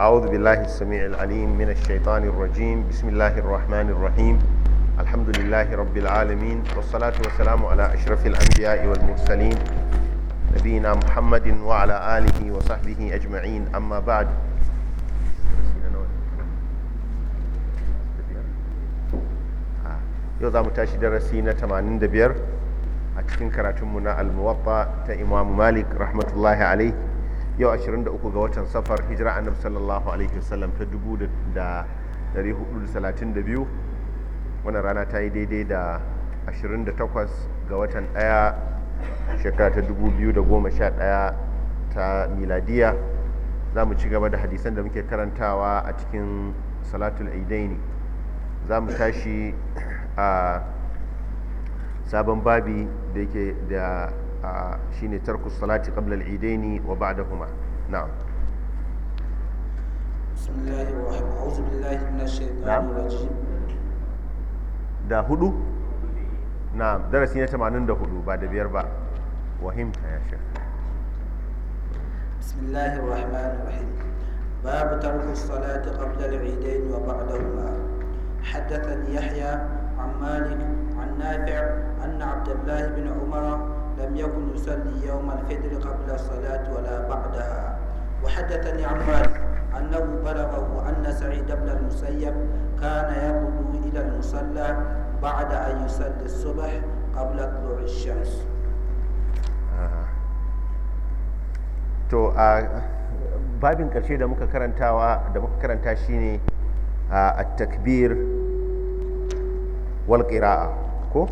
أعوذ بالله السميع العليم من الشيطان الرجيم بسم الله الرحمن الرحيم الحمد لله رب العالمين والصلاة والسلام على أشرف الأنبياء والمرسلين نبينا محمد وعلى آله وصحبه أجمعين أما بعد yau za mu tashi darasi na 85 a cikin karatunmu na almuwatta ta imamu malik rahmatullahi alaihi yau 23 ga watan safar hijira annabi sallallahu alaihi wasallam ta 432 wannan rana ta yi daidai da 28 ga watan 1 shekara ta 2011 ta miladiya za mu ci gaba da hadisan da muke karantawa a cikin salatul aidaini za mu tashi a sabon babi da yake da shine tarku salati qabla al-idaini wa ba'dahuma na'am da hudu na'am darasi na 84 ba da biyar ba wahim ta ya shekh باب ترك الصلاة قبل العيدين وبعدهما حدثني يحيى عن مالك عن نافع أن عبد الله بن عمر لم يكن يصلي يوم الفجر قبل الصلاة ولا بعدها وحدثني عن مالك أنه بلغه أن سعيد بن المسيب كان يغدو إلى المصلى بعد أن يصلي الصبح قبل طلوع الشمس to a babin ƙarshe da muka karantawa da muka karanta shine a takbir wal ko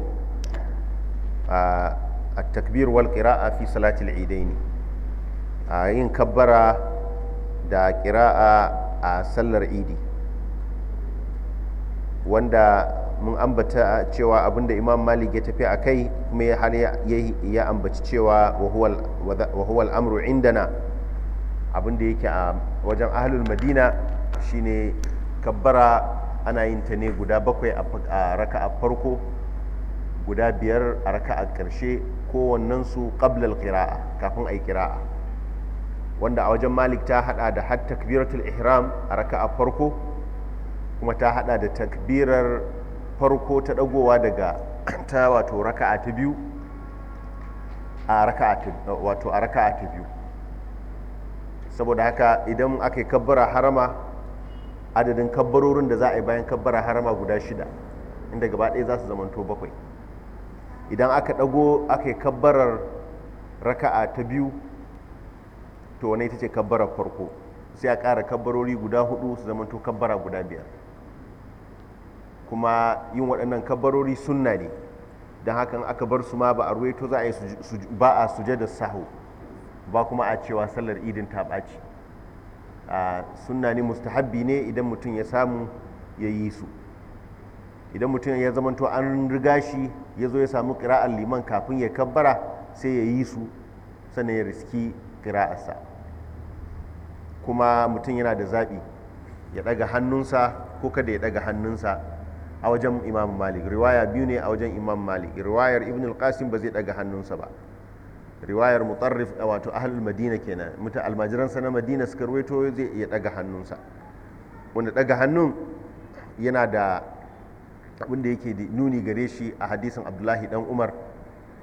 a التكبير والقراءة في صلاة العيدين إن da دا a sallar idi wanda mun ambata cewa abinda imam malik ya tafi a kai kuma ya hali ya ambaci cewa wa huwa al'amru indana abinda yake a wajen ahlul madina shine kabbara ana yin ta ne guda bakwai a raka a farko guda biyar a raka a ƙarshe kowannensu ƙablal ƙira'a kafin a yi ƙira'a wanda a wajen malik ta haɗa da har takbiratul ihram a raka a farko kuma ta haɗa da takbirar farko ta ɗagowa daga ta wato raka a ta biyu a raka a ta biyu saboda haka idan aka yi kabbara harama adadin kabbarorin da za a yi bayan kabbara harama guda shida inda gaba ɗaya za su zamanto bakwai idan aka ɗago aka yi kabbarar raka'a ta biyu to wani ita ce kabbarar farko sai a ƙara kabbarori guda hudu su zama to kabbara guda biyar kuma yin waɗannan kabbarori sunna ne don hakan aka bar su ma ba a ruwaito za a yi ba a suje da sahu ba kuma a cewa sallar idin ta ɓaci sunna ne mustahabbi ne idan mutum ya samu ya yi su idan mutum ya zama to an riga shi ya zo ya samu kiraar liman kafin ya kabbara sai ya yi su sannan ya riski kiraarsa. kuma mutum yana da zaɓi ya ɗaga hannunsa ko kada ya ɗaga hannunsa a wajen imam malik riwaya biyu ne a wajen imam malik riwayar ibn al-qasim ba zai ɗaga hannunsa ba riwayar mutarrif wato ahlul madina kenan mutum almajiransa na madina suka ruwaito zai iya ɗaga hannunsa wanda ɗaga hannun yana da abinda yake nuni gare shi a hadisin abdullahi dan umar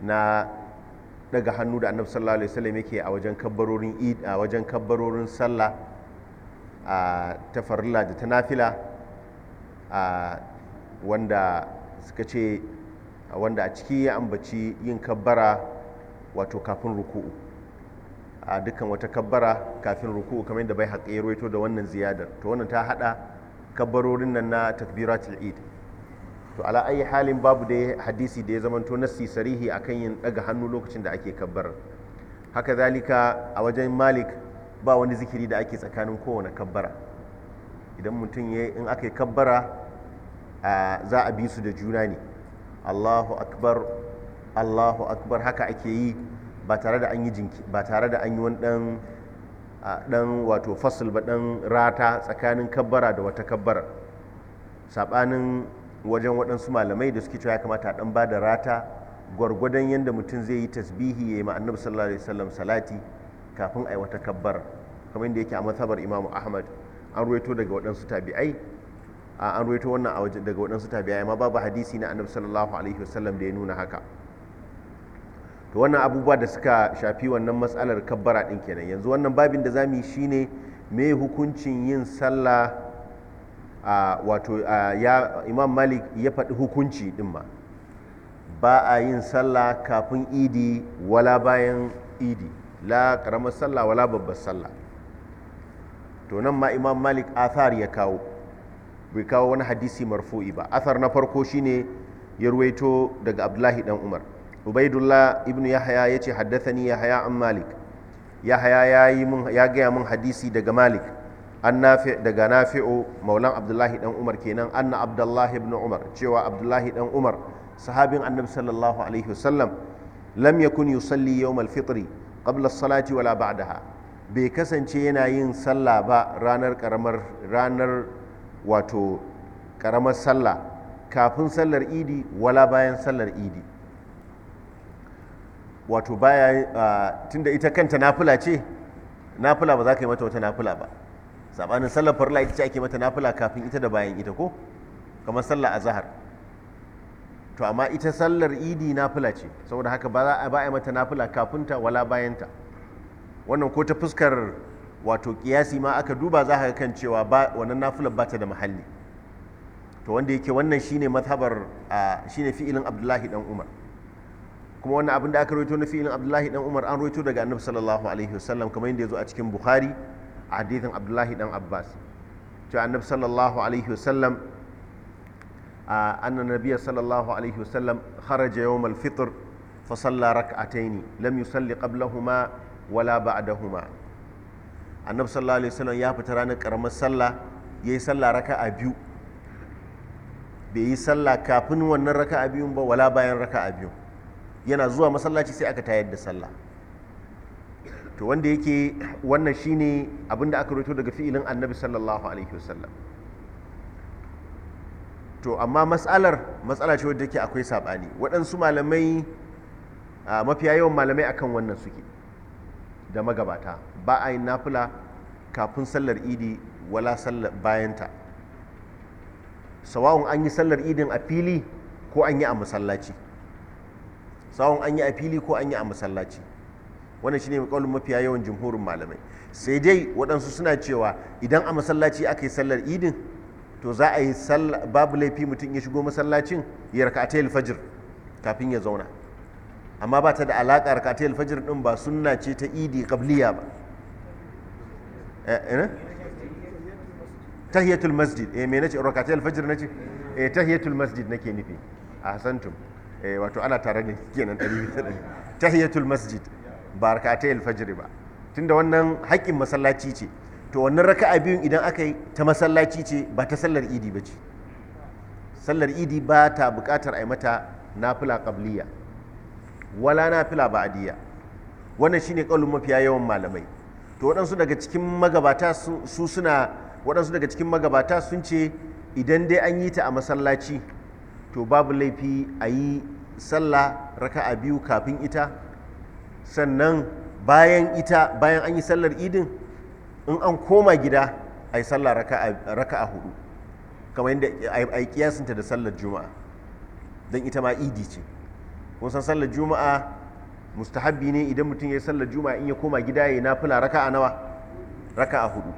na daga hannu da annabi sallallahu alaihi wasallam yake a wajen kabbarorin id a wajen kabbarorin sallah a tafarilla da tanafila a wanda suka ce wanda a ciki ya ambaci yin kabbara wato kafin ruku'u a dukkan wata kabbara kafin ruku'u kamar yadda bai haƙe ya da wannan ziyadar to wannan ta haɗa kabbarorin nan na takbiratul id to ala ayi halin babu da hadisi da ya zamanto nassi sarihi akan yin daga hannu lokacin da ake kabbar haka zalika a wajen malik ba wani zikiri da ake tsakanin kowane kabbara idan mutum ya in aka yi kabbara za a bi su da juna ne allahu akbar allahu akbar haka ake yi ba tare da an yi jinki ba tare da an yi wani dan dan wato fasil ba dan rata tsakanin kabbara da wata kabbara saɓanin. wajen waɗansu malamai da suke cewa ya kamata a ɗan ba da rata gwargwadon yadda mutum zai yi tasbihi ya yi ma annabi sallallahu alaihi wasallam salati kafin a yi wata kabbar kamar yadda yake a matsabar imamu ahmad an ruwaito daga waɗansu tabi'ai an ruwaito wannan a waje daga waɗansu tabi'ai amma babu hadisi na annabi sallallahu alaihi wasallam da ya nuna haka to wannan abubuwa da suka shafi wannan matsalar kabbara ɗin kenan yanzu wannan babin da za mu yi shine me hukuncin yin sallah wato ya imam malik ya faɗi hukunci ɗin ma ba a yin sallah kafin idi wala bayan idi la ƙaramar sallah wala babbar sallah to nan ma imam malik athar ya kawo bai kawo wani hadisi marfu'i ba athar na farko shine ya ruwaito daga abdullahi dan umar ubaidullah ibn Yahaya ya ce haddathani Yahaya an malik Yahaya ya gaya min hadisi daga malik an nafi daga nafi'u maulan abdullahi dan umar kenan anna abdullahi ibn umar cewa abdullahi dan umar sahabin annabi sallallahu alaihi wasallam lam yakun yusalli yawm al-fitr qabla as-salati wala ba'daha bai kasance yana yin sallah ba ranar karamar ranar wato karamar sallah kafin sallar idi wala bayan sallar idi wato baya tunda ita kanta nafila ce nafila ba za ka yi mata wata nafila ba sabanin sallar farla ita ce ake mata nafila kafin ita da bayan ita ko kamar sallar azhar to amma ita sallar idi nafila ce saboda haka ba za a ba mata nafila kafin ta wala bayan ta wannan ko ta fuskar wato kiyasi ma aka duba za ka kan cewa ba wannan nafilar ba ta da muhalli to wanda yake wannan shine mazhabar shine fi'ilin Abdullahi dan Umar kuma wannan abin da aka rawaito na fi'ilin Abdullahi dan Umar an rawaito daga Annabi sallallahu alaihi wasallam kamar yadda yazo a cikin Bukhari a hadithin abdullahi dan abbas to annabi sallallahu alaihi wasallam anna nabiyya sallallahu alaihi wasallam kharaja yawm al-fitr fa salla rak'atayn lam yusalli qablahuma wala ba'dahuma annabi sallallahu alaihi wasallam ya fita ranar karamar sallah yayi sallah raka'a biyu bai yi sallah kafin wannan raka'a biyun ba wala bayan raka'a biyu yana zuwa masallaci sai aka tayar da sallah to wanda yake wannan shine abinda aka roto daga fi'ilin annabi sallallahu alaihi wasallam to amma matsalar matsala ce wadda yake akwai saɓani waɗansu malamai mafiya yawan malamai akan wannan suke da magabata ba a yi nafula kafin sallar idi wala sallar bayanta sawa'un an yi sallar idin a fili ko an yi a masallaci fili ko an a masallaci wannan shine kaulin mafiya yawan jumhurin malamai sai dai waɗansu suna cewa idan a masallaci aka yi sallar idin to za a yi babu laifi mutum ya shigo masallacin ya raka'atai alfajir kafin ya zauna amma ba ta da alaƙa raka'atai alfajir din ba sunna ce ta idi qabliya ba eh, eh, eh? tahiyatul masjid eh me nace raka'atai fajr nace eh tahiyatul masjid nake nufi ahsantum eh wato ana tare ne kenan ɗari tahiyatul masjid ba rakatai alfajiri ba tunda wannan haƙƙin masallaci ce to wannan raka'a biyun idan aka yi ta masallaci ce ba ta sallar idi ba ce sallar idi ba ta buƙatar a yi mata nafila ƙabliya wala nafila ba'diya wannan shine ƙalun mafiya yawan malamai to waɗansu daga cikin magabata su suna waɗansu daga cikin magabata sun ce idan dai an yi ta a masallaci to babu laifi a yi sallah raka'a biyu kafin ita sannan bayan ita bayan an yi sallar idin in an koma gida a yi sallar raka a hudu kamar yadda a yi kiyasinta da sallar juma'a don ita ma idi ce kun san sallar juma'a mustahabbi ne idan mutum ya yi sallar juma'a in ya koma gida ya yi fila raka a nawa raka a hudu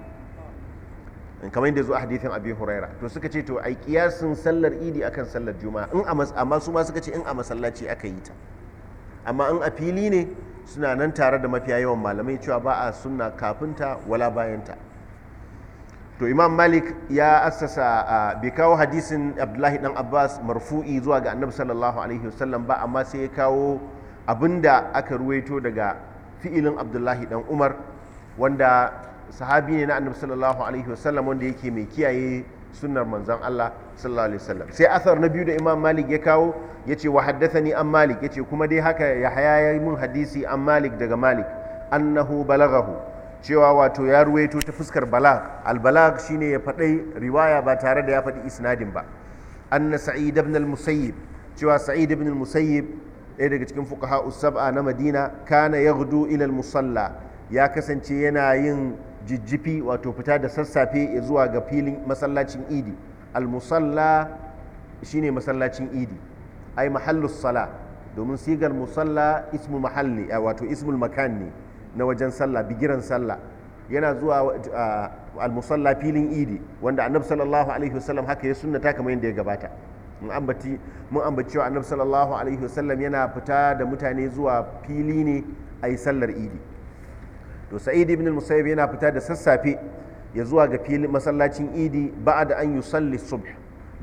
kamar yadda zo a hadithin abin huraira to suka ce to yi kiyasin sallar idi akan sallar juma'a in amma su ma suka ce in a masallaci aka yi ta amma in a fili ne suna nan tare da mafiya yawan malamai cewa ba a sunna kafinta wala bayanta to imam malik ya assasa bai kawo hadisin abdullahi dan abbas marfu'i zuwa ga annabi sallallahu alaihi wasallam ba amma sai ya kawo abinda aka ruwaito daga fi'ilin abdullahi dan umar wanda sahabi ne na annabi sallallahu alaihi wasallam wanda yake mai kiyaye sunnar manzon Allah sallallahu alaihi wasallam sai asar na biyu da Imam Malik ya kawo yace wa haddathani an Malik yace kuma dai haka Yahya ya yi mun hadisi an Malik daga Malik annahu balagahu cewa wato ya ruwaito ta fuskar balag al balag shine ya faɗai riwaya ba tare da ya faɗi isnadin ba anna sa'id ibn al musayyib cewa sa'id ibn al musayyib ɗaya daga cikin fuqaha us-sab'a na Madina kana yaghdu ila al musalla ya kasance yana yin jijjifi wato fita da sassafe zuwa ga filin masallacin idi al-musalla shine masallacin idi ai mahallus sala domin sigar musalla ismu mahalli eh, wato ismul makan ne na wajen sallah bigiran sallah yana zuwa al-musalla filin idi wanda annabi sallallahu alaihi wasallam haka ya sunnata kamar yadda ya gabata mun ambaci cewa annabi sallallahu alaihi wasallam yana fita da mutane zuwa fili ne a sallar idi to sa'id ibn al-musayyib yana fita da sassafe ya zuwa ga filin masallacin idi ba'da an yusalli subh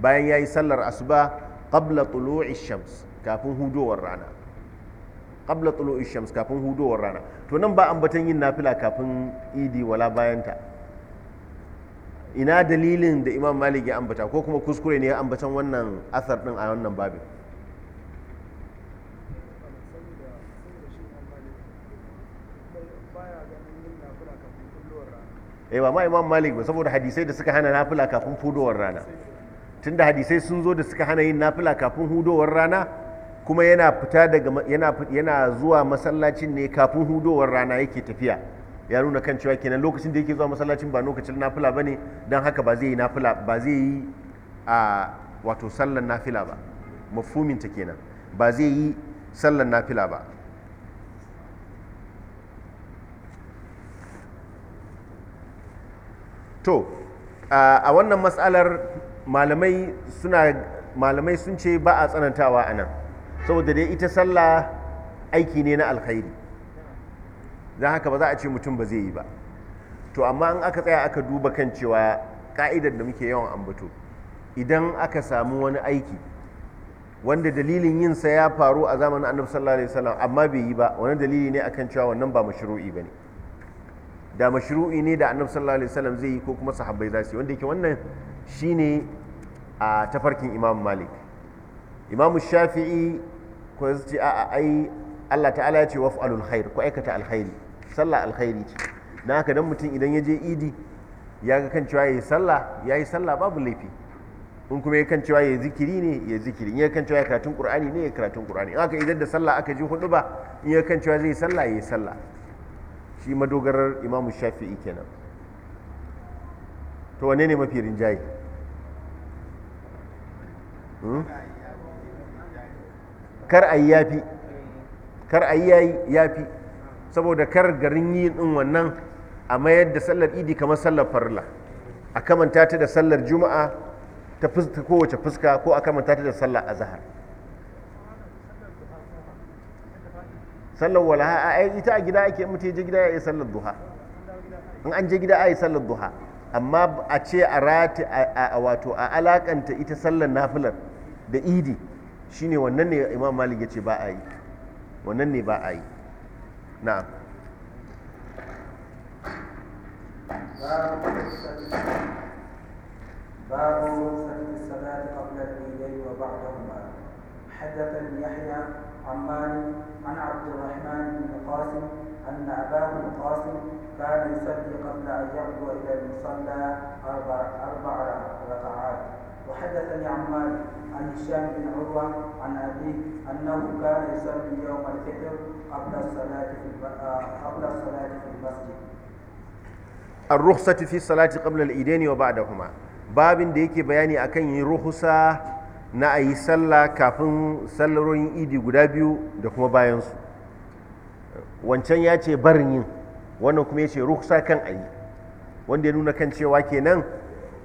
bayan yayi sallar asuba qabla tulu'i shams kafin hudowar rana qabla tulu'i shams kafin hudowar rana to nan ba ambatan yin nafila kafin idi wala bayanta ina dalilin da imam malik ya ambata ko kuma kuskure ne ya ambatan wannan asar din a wannan babin eh ba ma imam malik ba saboda hadisai da suka hana nafila kafin fudowar rana tunda hadisai sun zo da suka hana yin nafila kafin hudowar rana kuma yana fita daga yana yana zuwa masallacin ne kafin hudowar rana yake tafiya ya nuna kan cewa kenan lokacin da yake zuwa masallacin ba lokacin nafila bane dan haka ba zai yi nafila ba zai yi a wato sallan nafila ba mafhumin ta kenan ba zai yi sallan nafila ba to a wannan matsalar malamai sun ce ba a tsanantawa a nan saboda dai ita sallah aiki ne na alkhairi don haka ba za a ce mutum ba zai yi ba to amma in aka tsaya aka duba kan cewa ka'idar da muke yawan ambato idan aka samu wani aiki wanda dalilin yinsa ya faru a zamanin annabi sallallahu alaihi wasallam amma bai yi ba wani dalili ne akan cewa wannan ba mashru'i bane ne da mashru'i ne da annabi sallallahu alaihi wasallam zai yi ko kuma sahabbai za su yi wanda yake wannan shine a tafarkin imam malik imam shafi'i ko ya a ai Allah ta'ala ya ce waf'alul khair ko aikata alkhairi sallah alkhairi ce dan haka dan mutum idan ya je idi ya ga kan cewa yayi sallah yayi sallah babu laifi in kuma ya kan cewa ya zikiri ne ya zikiri in ya kan cewa ya karatun qur'ani ne ya karatun qur'ani in haka idan da sallah aka ji hudu ba in ya kan cewa zai sallah yayi sallah shi madogarar imamu shafi'i kenan to wane ne mafi rinjaye hmm? kar a yi yafi kar a yi yafi saboda kar garin yi din wannan a mayar da sallar idi kamar sallar farla a kamanta ta da sallar juma'a ta kowace fuska ko a kamanta ta da sallar azahar sallar walaha a ita a gida ake mutu je gida ya yi sallar duha in an je gida a yi sallar duha amma a ce a rati a wato a alakanta ita sallar nafilar da idi shine wannan ne imam malik ya ce ba a yi wannan ne ba a yi na'am باب صلاة قبل العيدين وبعدهما حدثني يحيى عن مالك عن عبد الرحمن بن القاسم أن أباه القاسم كان يصلي قبل أن يغدو إلى المصلى أربع, أربع ركعات وحدثني عن مالك عن هشام بن عروة عن أبيه أنه كان يصلي يوم الفطر قبل الصلاة في آه، قبل الصلاة في المسجد الرخصة في الصلاة قبل الإيدين وبعدهما babin da yake bayani akan yin ruhusa na a yi sallah kafin sallarorin idi guda biyu da kuma bayansu wancan ya ce barin yin wannan kuma ya ce rukusa kan a yi wanda ya nuna kan cewa kenan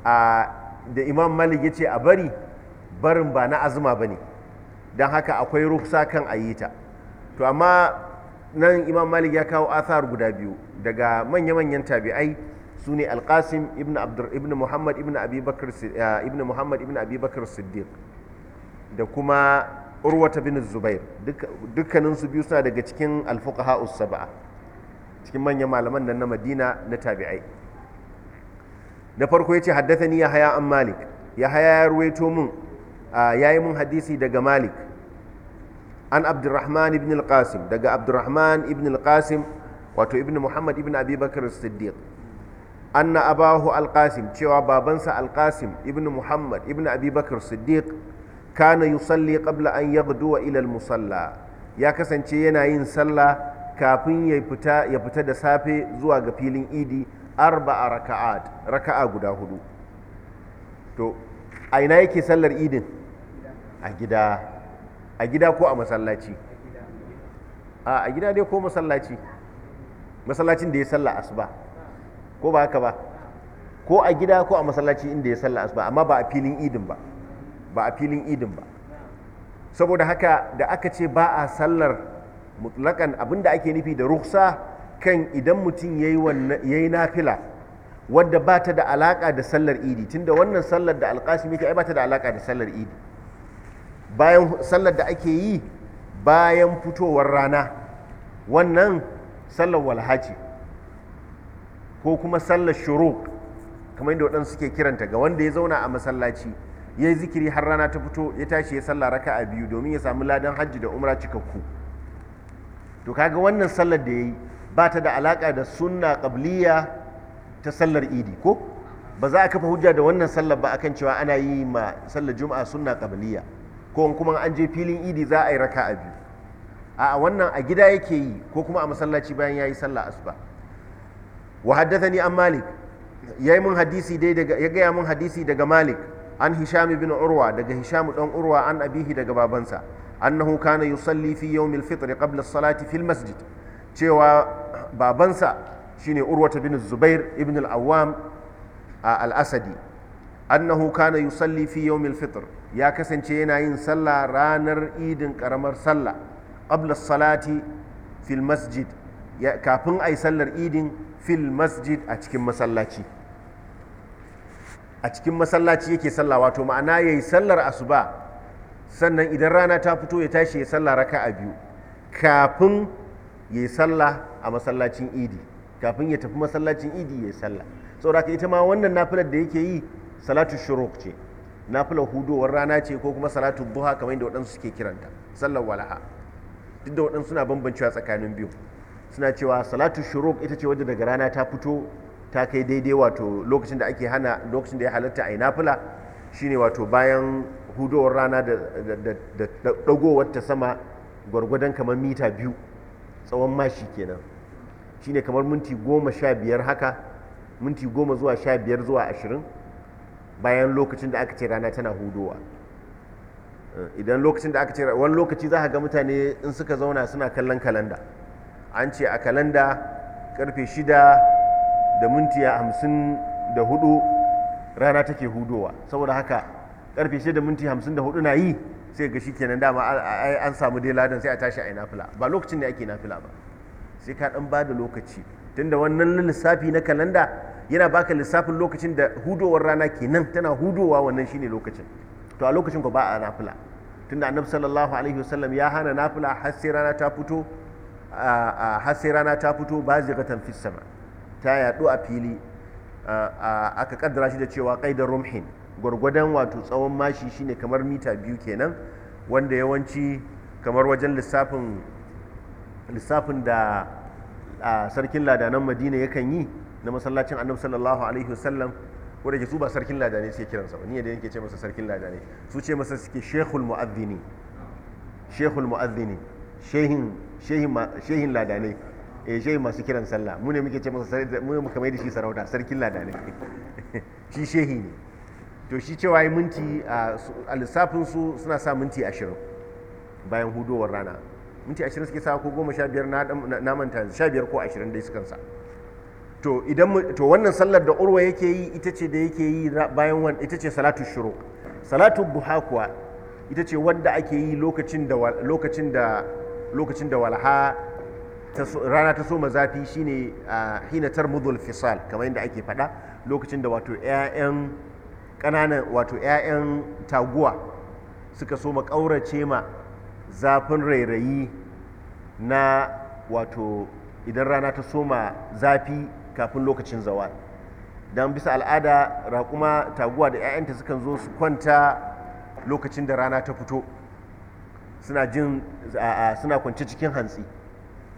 a da imam malik ya ce a bari barin ba na azuma ba ne don haka akwai rukusa kan a ta to amma nan imam malik ya kawo asar guda biyu daga manya-manyan tabi'ai su ne alkasim ibn muhammad ibn eh, muhammad ibn abubakar siddiq da kuma urwata bin zubair dukkanin su biyu suna daga cikin alfuka ha'us saba'a cikin manyan malaman nan na Madina na tabi'ai na farko ya ce ni ya haya an malik ya haya ya ruwaito mun yi mun hadisi daga malik an abdurrahman ibn al-qasim daga abdurrahman ibn al-qasim wato ibn muhammad ibn abi siddiq anna abahu al-qasim cewa babansa al-qasim ibn muhammad ibn abi siddiq kana yusalli qabla an yaghdu ila ilal musalla ya kasance yana yin sallah kafin ya fita ya fita da safe zuwa ga filin idi arba'a raka'at raka'a guda hudu to a ina yake sallar idin a gida a gida ko a masallaci a a gida dai ko masallaci masallacin da ya salla asuba ko ba haka ba ko a gida ko a masallaci inda ya salla asuba amma ba a filin idin ba ba a filin idin ba saboda haka da aka ce ba a sallar mutlakan abinda ake nufi da ruksa kan idan mutum ya yi nafila wadda ba ta da alaka da sallar idi tunda wannan sallar da alkashi mai ai ba ta da alaka da sallar idi bayan sallar da ake yi bayan fitowar rana wannan sallar walhaci ko kuma sallar shuru kamar yadda waɗansu suke kiranta ga wanda ya zauna a masallaci ya yi zikiri har rana ta fito ya tashi ya sallah raka a biyu domin ya samu ladan hajji da umra cikakku to kaga wannan sallar da ya yi ba ta da alaka da sunna qabliya ta sallar idi ko ba za a kafa hujja da wannan sallar ba akan cewa ana yi ma sallar juma'a sunna qabliya ko kuma an je filin idi za a yi raka a biyu a wannan a gida yake yi ko kuma a masallaci bayan ya yi sallah asuba wa haddathani an malik yayi mun hadisi daga ya gaya mun hadisi daga malik an hisham bin urwa daga hisham dan urwa an abihi daga babansa annahu kana yusalli fi yawmil fitr qabla salati fil masjid cewa babansa shine urwa bin zubair ibn al-awwam al-asadi annahu kana yusalli fi yawmil fitr ya kasance yana yin sallah ranar idin karamar sallah qabla salati fil masjid kafin ai sallar idin fil masjid a cikin masallaci a cikin masallaci yake sallah wato ma'ana yayi sallar asuba sannan idan rana ta fito ya tashi ya sallah a biyu kafin ya yi sallah a masallacin idi kafin ya tafi masallacin idi ya yi sallah saboda ita ma wannan nafilar da yake yi salatu shuruk ce nafilar hudowar rana ce ko kuma salatu buha kamar yadda waɗansu suke kiranta sallar walaha duk da waɗansu suna bambancewa tsakanin biyu suna cewa salatu shuruk ita ce wadda daga rana ta fito ta kai daidai wato lokacin da ake hana lokacin da ya halatta a yi nafila shine wato bayan hudowar rana da dagowar ta sama gwargwadon kamar mita biyu tsawon mashi kenan shine kamar minti goma sha biyar haka minti goma zuwa sha biyar zuwa ashirin bayan lokacin da aka ce rana tana hudowa eh, idan lokacin da aka ce wani lokaci za ga mutane in suka zauna suna kallon kalanda an ce a kalanda karfe shida da mintiya hamsin da hudu rana take hudowa saboda haka karfe shida minti hamsin da hudu na yi sai ga kenan dama an samu dai ladan sai a tashi a yi nafila ba lokacin da ake nafila ba sai ka dan da lokaci tunda wannan lissafi na kalanda yana baka lissafin lokacin da hudowar rana kenan tana hudowa wannan shine lokacin to a lokacin ko ba a nafila tunda annabi sallallahu alaihi wasallam ya hana nafila har sai rana ta fito har sai rana ta fito ba fis sama ta yadu a fili aka kaddara shi da cewa da rumhin gwargwadon wato tsawon mashi shine kamar mita biyu kenan wanda yawanci kamar wajen lissafin lissafin da sarkin ladanan madina yakan yi na masallacin annabi sallallahu alaihi wasallam wanda ke su ba sarkin ladane suke kiran ba ni da yake ce masa sarkin ladane su ce masa suke shehul mu'adhdhini shehul shehin shehin shehin ladane ya eh, shehi masu kiran sallah mu ne muke ce masa mu muka mai da shi sarauta sarkin lada ne shi shehi ne to shi cewa yi minti a lissafin su suna sa minti ashirin bayan hudowar rana minti ashirin suke sa ko goma sha biyar na manta sha biyar ko ashirin dai sukan sa to idan to wannan sallar da urwa yake yi ita ce da yake yi bayan wan ita ce salatu shuru salatu buhakuwa kuwa ita ce wadda ake yi lokacin da lokacin da lokacin da walha rana ta soma zafi shine a hina tarmudul fisal kamar yadda ake faɗa lokacin da wato 'ya'yan ƙananan wato 'ya'yan taguwa suka soma ƙaurace ma zafin rairayi na wato idan rana ta soma zafi kafin lokacin zawa don bisa al'ada raƙuma taguwa da 'ya'yanta sukan zo su kwanta lokacin da rana ta fito suna jin suna kwance cikin hantsi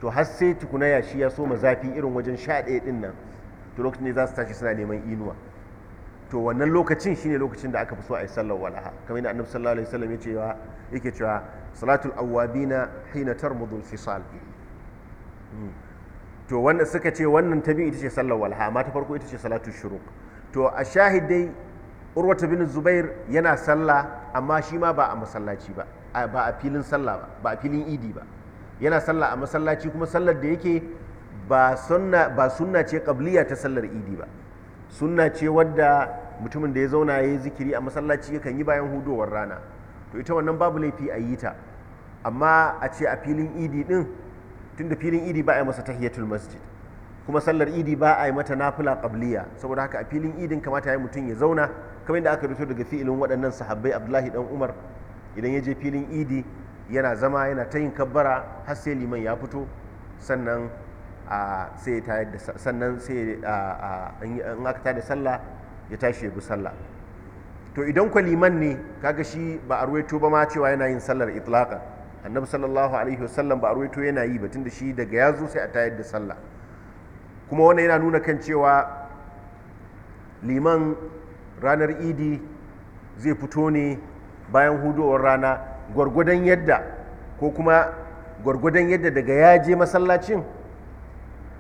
to har sai tukuna yashi ya soma zafi irin wajen sha ɗaya ɗin nan to lokacin ne za su tashi suna neman inuwa to wannan lokacin shine lokacin da aka fi so a yi sallar walaha kamar yadda annabi sallallahu alaihi wasallam yace wa yake cewa salatul awwabina hina tarmudul fisal hmm. to wannan suka ce wannan ta biyu ita ce sallar walaha amma ta farko ita ce salatu shuruq to a shahidai urwata bin zubair yana sallah amma shi ma ba a masallaci ba ba a filin sallah ba ba a filin idi ba yana sallah a masallaci kuma sallar da yake ba sunna ce kabliya ta sallar idi ba sunna ce wadda mutumin da ya zauna ya yi zikiri a masallaci yakan yi bayan hudowar rana to ita wannan babu laifi a yi ta amma a ce a filin idi din tun da filin idi ba a yi masa tahiyatul masjid kuma sallar idi ba a yi mata nafila kabliya saboda haka a filin idin kamata ya mutum ya zauna kamar yadda aka rito daga fi'ilin waɗannan sahabbai abdullahi dan umar idan ya je filin idi yana zama yana ta yin kabbara har sai liman ya fito sannan sai sannan sai in aka da sallah ya tashi ya bi sallah to idan kwa liman ne kaga shi ba a ruwaito ba ma cewa yana yin sallar itlaqa annabi sallallahu alaihi wasallam ba a ruwaito yana yi ba tunda shi daga ya zo sai a tayar da sallah kuma wannan yana nuna kan cewa liman ranar idi zai fito ne bayan hudowar rana gwargwadon yadda ko kuma gwargwadon yadda daga ya je masallacin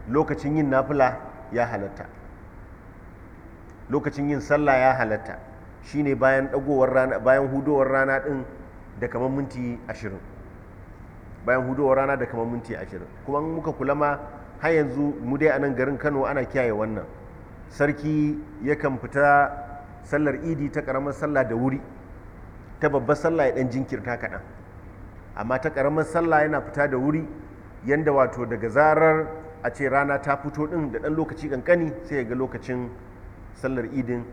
lokacin yin nafila ya halatta lokacin yin sallah ya halatta shine bayan dagowar rana bayan hudowar rana din da kamar minti ashirin bayan hudowar rana da kamar minti ashirin kuma muka kula ma har yanzu mu dai a nan garin kano ana kiyaye wannan sarki yakan fita sallar idi ta karamar sallah da wuri ta babbar sallah ya dan jinkirta kaɗan amma ta ƙaramin sallah yana fita da wuri yanda wato daga zarar a ce rana ta fito ɗin da ɗan lokaci ƙanƙani sai ya ga lokacin sallar idin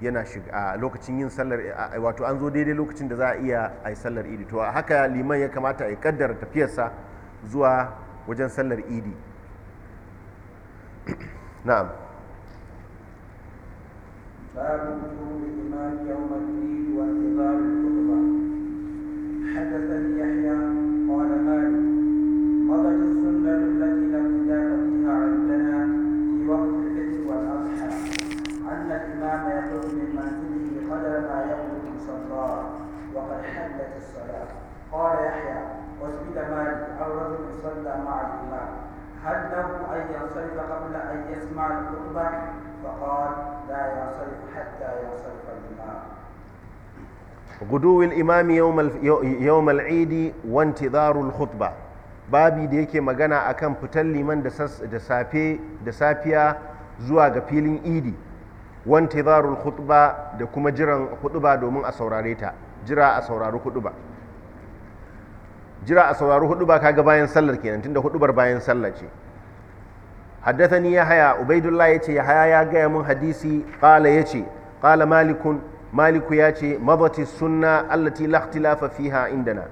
yana shiga a lokacin yin sallar wato an zo daidai lokacin da za a iya a yi sallar idi to haka liman ya kamata a yi kaddara tafiyarsa zuwa wajen sallar idi na'am باب وجوب الإمام يوم الدين وانتظار الخطبة حدثني يحيى قال مالك مضت السنة التي لا ابتداء فيها عندنا في وقت الفطر والأضحى أن الإمام يقوم من منزله قدر ما يقوم صلاة وقد حدت الصلاة قال يحيى وسئل مالك عن رجل صلى مع الإمام هل له أن ينصرف قبل أن يسمع الخطبة فقال لا ينصرف حتى ينصرف الإمام غدو الإمام يوم يوم العيد وانتظار الخطبة babi da yake magana akan fitar liman da safe da safiya zuwa ga filin idi wanti zarul khutba da kuma jiran khutba domin a saurare ta jira a saurari khutba jira a saurari khutba kaga bayan sallar kenan tunda khutbar bayan sallar ce haddathani yahya ubaidullah yace yahya ya gaya mun hadisi qala yace qala malikun maliku ya ce mabati sunna allati la ikhtilafa fiha indana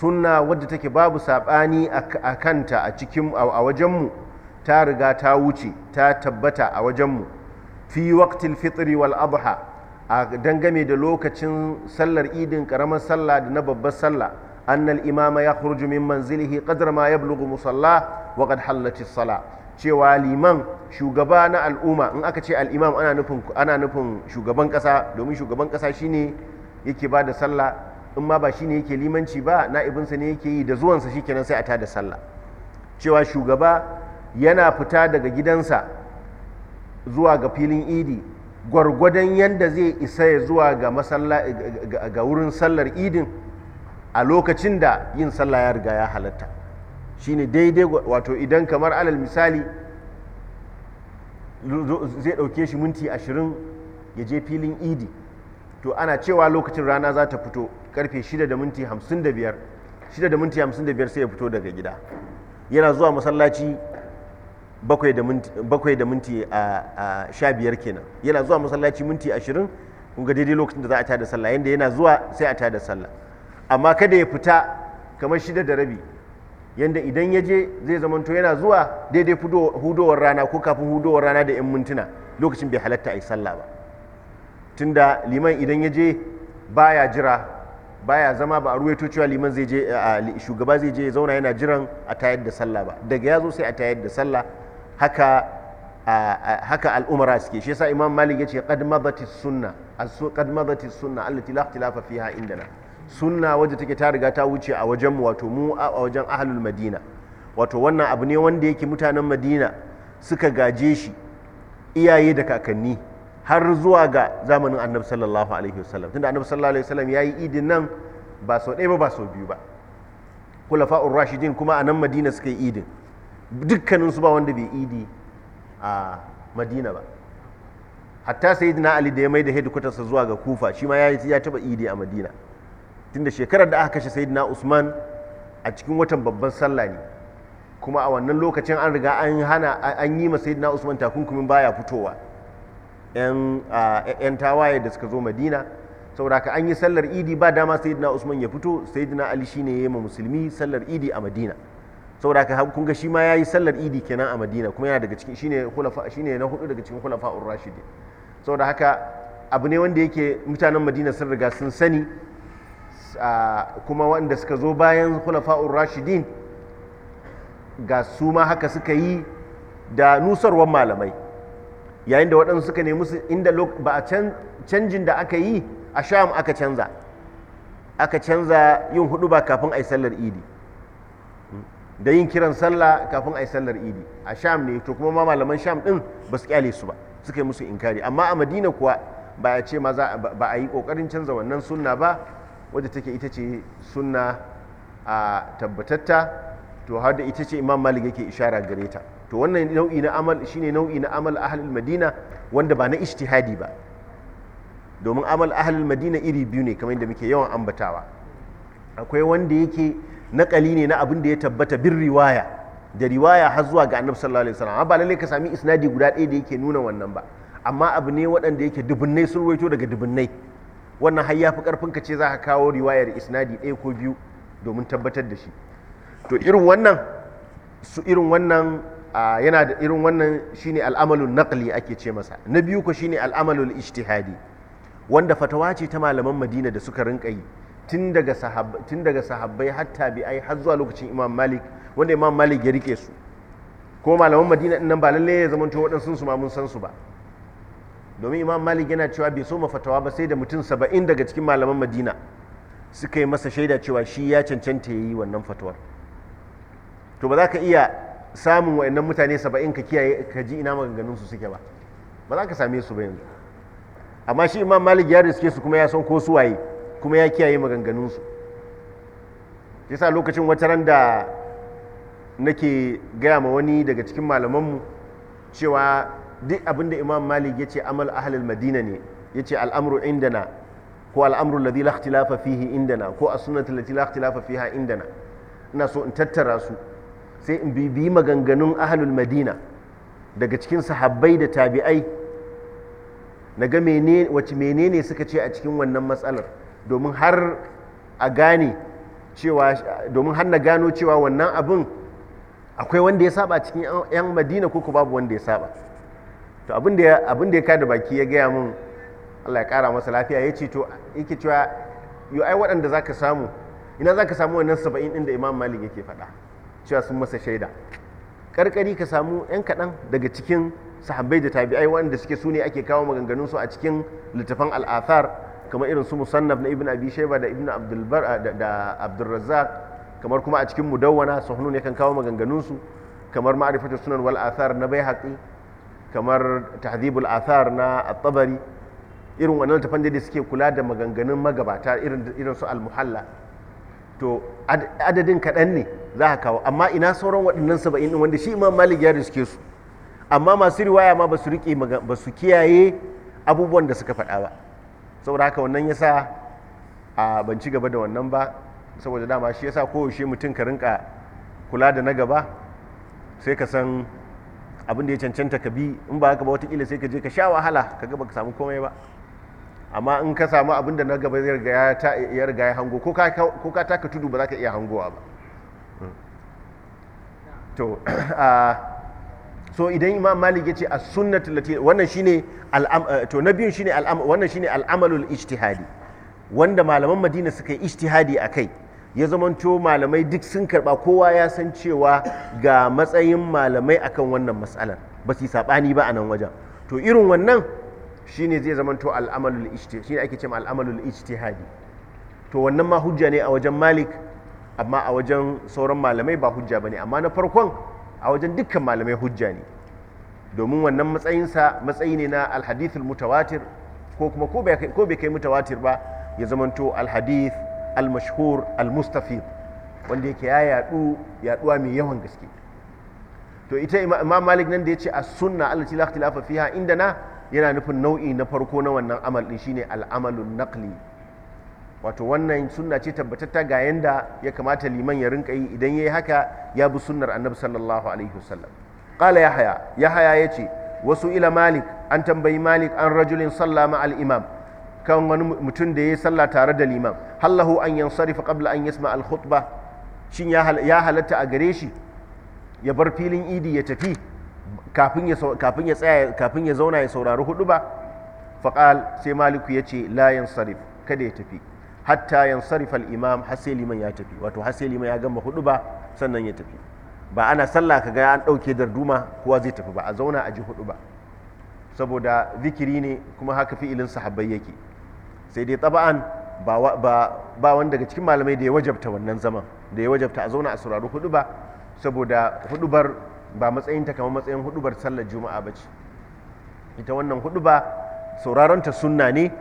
sunna wadda take babu saɓani a kanta a cikin a wajenmu ta riga ta wuce ta tabbata a wajenmu fi waqtil fitri wal adha a dangame da lokacin sallar idin karamar sallah da na babbar sallah annal imama ya khurju min manzilihi qadra ma yablughu musalla wa qad hallatis cewa liman shugaba na al'umma in aka ce al'imam ana nufin shugaban kasa domin shugaban kasa shine yake ba da sallah in ma ba shine yake limanci ba na'ibinsa ne yake yi da zuwansa shikenan sai a tada sallah cewa shugaba yana fita daga gidansa zuwa ga filin idi gwargwadon yadda zai isa ya zuwa ga masalla ga wurin sallar idin a lokacin da yin sallah ya riga ya halatta shine daidai wato idan kamar alal misali zai ɗauke shi minti ashirin ya je filin idi to ana cewa lokacin rana za ta fito karfe shida da minti hamsin da biyar shida da minti hamsin da biyar sai ya fito daga gida yana zuwa masallaci bakwai da minti a sha biyar kenan yana zuwa masallaci minti ashirin kun ga daidai lokacin da za a tada sallah yadda yana zuwa sai a tada sallah amma kada ya fita kamar shida da rabi yanda idan ya je zai zamanto yana zuwa daidai hudowar rana ko kafin hudowar rana da 'yan mintuna lokacin bai halatta a yi sallah ba tunda liman idan ya je baya jira baya zama ba a ruwaito cewa liman zai je shugaba zai je zauna yana jiran a tayar da sallah ba daga ya zo sai a tayar da sallah haka haka al'umara suke shi yasa imam malik ya ce qad madatis sunna as sunna allati la ikhtilafa fiha indana sunna wadda take ta riga ta wuce a wajen wato mu a wajen ahlul madina wato wannan abu ne wanda yake mutanen madina suka gaje shi iyaye da kakanni har zuwa ga zamanin annabi sallallahu alaihi wasallam tunda annabi sallallahu alaihi wasallam yayi idin nan ba sau ɗaya ba ba sau biyu ba kulafa'ur rashidin kuma a nan madina suka yi idin dukkanin su ba wanda bai idi a madina ba hatta sayyidina ali da ya mai da hedikwatarsa zuwa ga kufa shi ma ya taba idi a madina tunda shekarar da aka kashe sayyidina usman a cikin watan babban sallah ne kuma a wannan lokacin an riga an hana an yi ma sayyidina usman takunkumin baya fitowa yan tawaye da suka zo madina saboda ka an yi sallar idi ba dama sayyidina usman ya fito sayyidina ali shine ya yi ma musulmi sallar idi a madina saboda ka kun ga shi ma yayi sallar idi kenan a madina kuma yana daga cikin shine ne shine na hudu daga cikin khulafa'ur Sau saboda haka abu ne wanda yake mutanen madina sun riga sun sani kuma wanda suka zo bayan khulafa'ur rashidin ga su ma haka suka yi da nusarwar malamai yayin da waɗansu suka nemi su inda ba a canjin da aka yi a sham aka canza aka canza yin hudu ba kafin a yi sallar idi da yin kiran sallah kafin a yi sallar idi a sham ne to kuma ma malaman sham din ba su kyale su ba suka yi musu inkari amma a madina kuwa ba a ce ma ba a yi ƙoƙarin canza wannan sunna ba wadda take ita ce suna a tabbatatta to har da ita ce imam malik yake ishara gare ta to wannan nau'i na amal shine nau'i na amal ahlul madina wanda ba na ijtihadi ba domin amal ahlul madina iri biyu ne kamar yadda muke yawan ambatawa akwai wanda yake naƙali ne na abin da ya tabbata bin riwaya da riwaya har zuwa ga annabi sallallahu alaihi wasallam ba lalle ka sami isnadi guda ɗaya da yake nuna wannan ba amma abu ne waɗanda yake dubunnai sun ruwaito daga dubunnai wannan har ya karfin ka ce za ka kawo riwayar isnadi ɗaya ko biyu domin tabbatar da shi to irin wannan su irin wannan yana da irin wannan shine al'amalin naqli ake ce masa na biyu ko shine al'amalul ijtihadi wanda fatawa ce ta malaman madina da suka rinka yi tun daga sahabbai har tabi'ai har zuwa lokacin imam malik wanda imam malik ya rike su ko malaman madina nan ba lallai ya zamanto waɗansu su ma mun san su ba domin imam malik yana cewa bai so fatawa ba sai da mutum saba'in daga cikin malaman madina suka yi masa shaida cewa shi ya cancanta ya yi wannan fatawar to ba za ka iya samun wa'annan mutane saba'in ka kiyaye ka ji ina maganganun su suke ba ba za ka same su ba yanzu amma shi imam malik ya riske su kuma ya san ko su waye kuma ya kiyaye maganganun su yasa lokacin wata ran da nake gaya ma wani daga cikin malamanmu cewa duk abinda imam malik ya ce amal ahalil madina ne ya ce al'amru indana ko al'amru ladhi la ikhtilafa fihi indana ko a sunnatu lati la ikhtilafa fiha indana ina so in tattara su sai in bibi maganganun ahlul madina daga cikin sahabbai da tabi'ai na ga wace menene suka ce a cikin wannan matsalar domin har a gane cewa domin har na gano cewa wannan abin akwai wanda ya saba cikin 'yan madina ko ku babu wanda ya saba to abin da ya kada baki ya gaya mun Allah ya kara masa lafiya ya ce to yake cewa yo ai waɗanda za ka samu ina za ka samu wannan saba'in ɗin da imam malik yake faɗa cewa sun masa shaida karkari ka samu 'yan kaɗan daga cikin sahabbai da tabi'ai waɗanda suke su ne ake kawo maganganun su a cikin littafan al'athar kamar irin su musannaf na ibn abi shaiba da ibn abdulbar da abdulrazzaq kamar kuma a cikin mudawwana sahnu ne kan kawo maganganun su kamar ma'rifatu sunan wal athar na haƙi kamar tahdhibul athar na at-tabari irin wannan tafan da suke kula da maganganun magabata irin irin su al-muhalla to adadin kaɗan ne za ka kawo amma ina sauran waɗannan saba'in ɗin wanda shi imam malik ya riske su amma masu riwaya ma ba su riƙe ba su kiyaye abubuwan da suka faɗa ba saboda haka wannan yasa a ban ci gaba da wannan ba saboda dama shi yasa koyaushe mutum ka rinka kula da na gaba sai ka san abin da ya cancanta ka bi in ba haka ba watakila sai ka je ka sha wahala ka gaba ka samu komai ba amma in ka samu abin da na gaba ya riga ya hango ko ka taka tudu ba za ka iya hangowa ba hmm. to so idan imam malik ya ce a sunnatu lati wannan shine eh, to na biyun shine ne al'amalul ijtihadi wanda malaman madina suka yi ijtihadi kai. ya zamanto malamai duk sun karba kowa ya san cewa ga matsayin malamai akan wannan matsalar ba su saɓani ba a nan wajen to irin wannan shine zai zamanto al'amalul ijtihadi shine ake cewa al'amalul ijtihadi to wannan ma hujja ne a wajen malik amma a wajen sauran malamai ba hujja bane amma na farkon a wajen dukkan malamai hujja ne domin wannan matsayinsa matsayi ne na alhadithul mutawatir ko kuma ko bai kai mutawatir ba ya zamanto alhadith al-mashhur al-mustafid wanda yake ya yadu yaduwa mai yawan gaske to ita imam malik nan da ya ce a sunna allati la ikhtilafa fiha inda na yana nufin nau'i na farko na wannan amal din shine al'amalun naqli wato wannan sunna ce tabbatatta ga yanda ya kamata liman ya rinka yi idan yayi haka ya bi sunnar annabi sallallahu alaihi wasallam qala yahya yahya yace wasu ila malik an tambayi malik an rajulin sallama al imam kan wani mutum da ya yi sallah tare da liman hallahu an sarifa qabla an yasma al khutba shin ya halatta a gare shi ya bar filin idi ya tafi kafin ya kafin ya tsaya kafin ya zauna ya saurari hudu ba faqal sai maliku yace la sarif kada ya tafi hatta yansarif al imam hasse liman ya tafi wato hasse liman ya gama hudu ba sannan ya tafi ba ana sallah kaga an dauke darduma kowa zai tafi ba a zauna a ji hudu ba saboda zikiri ne kuma haka fi'ilin sahabbai yake sai dai taba'an ba wani daga cikin malamai da ya wajabta wannan zaman da ya wajabta a zauna a sauraro hudu ba saboda hudubar ba matsayinta kamar matsayin hudubar sallar juma'a ba ce ita wannan sauraron sauraronta sunna ne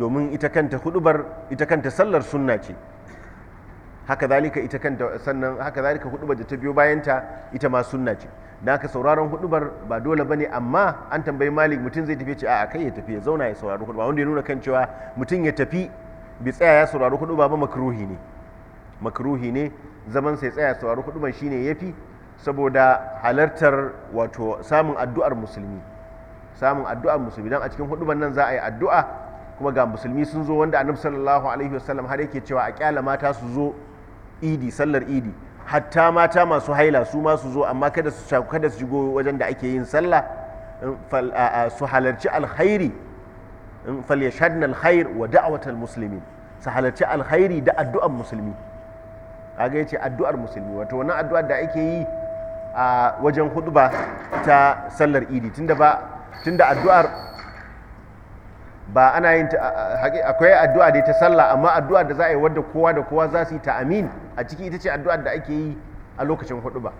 domin ita kanta hudubar ita kanta sallar sunna ce haka zalika ita kanta sannan haka zalika hudubar da ta biyo bayanta ita ma sunna ce da aka sauraron hudubar ba dole bane amma an tambayi malik mutum zai tafi ce a kai ya tafi ya zauna ya saurari hudubar wanda ya nuna kan cewa mutum ya tafi bi tsaya ya saurari hudubar ba makruhi ne makruhi ne zaman sai tsaya saurari hudubar shine yafi saboda halartar wato samun addu'ar musulmi samun addu'ar musulmi dan a cikin hudubar nan za a yi addu'a kuma ga musulmi sun zo wanda annabi sallallahu alaihi wasallam har yake cewa a kyala mata su zo idi sallar idi hatta mata masu haila su ma su zo amma kada su shaku kada su shigo wajen da ake yin sallah su halarci alkhairi fal yashadna alkhair wa da'wat almuslimin su halarci alkhairi da addu'ar musulmi kaga yace addu'ar musulmi wato wannan addu'a da ake yi a wajen huduba ta sallar idi tunda ba tunda addu'ar ba ana yin akwai addu'a dai ta sallah amma addu'a da za a yi wadda kowa da kowa za su yi ta amin a ciki ita ce addu'ar da ake yi a lokacin ba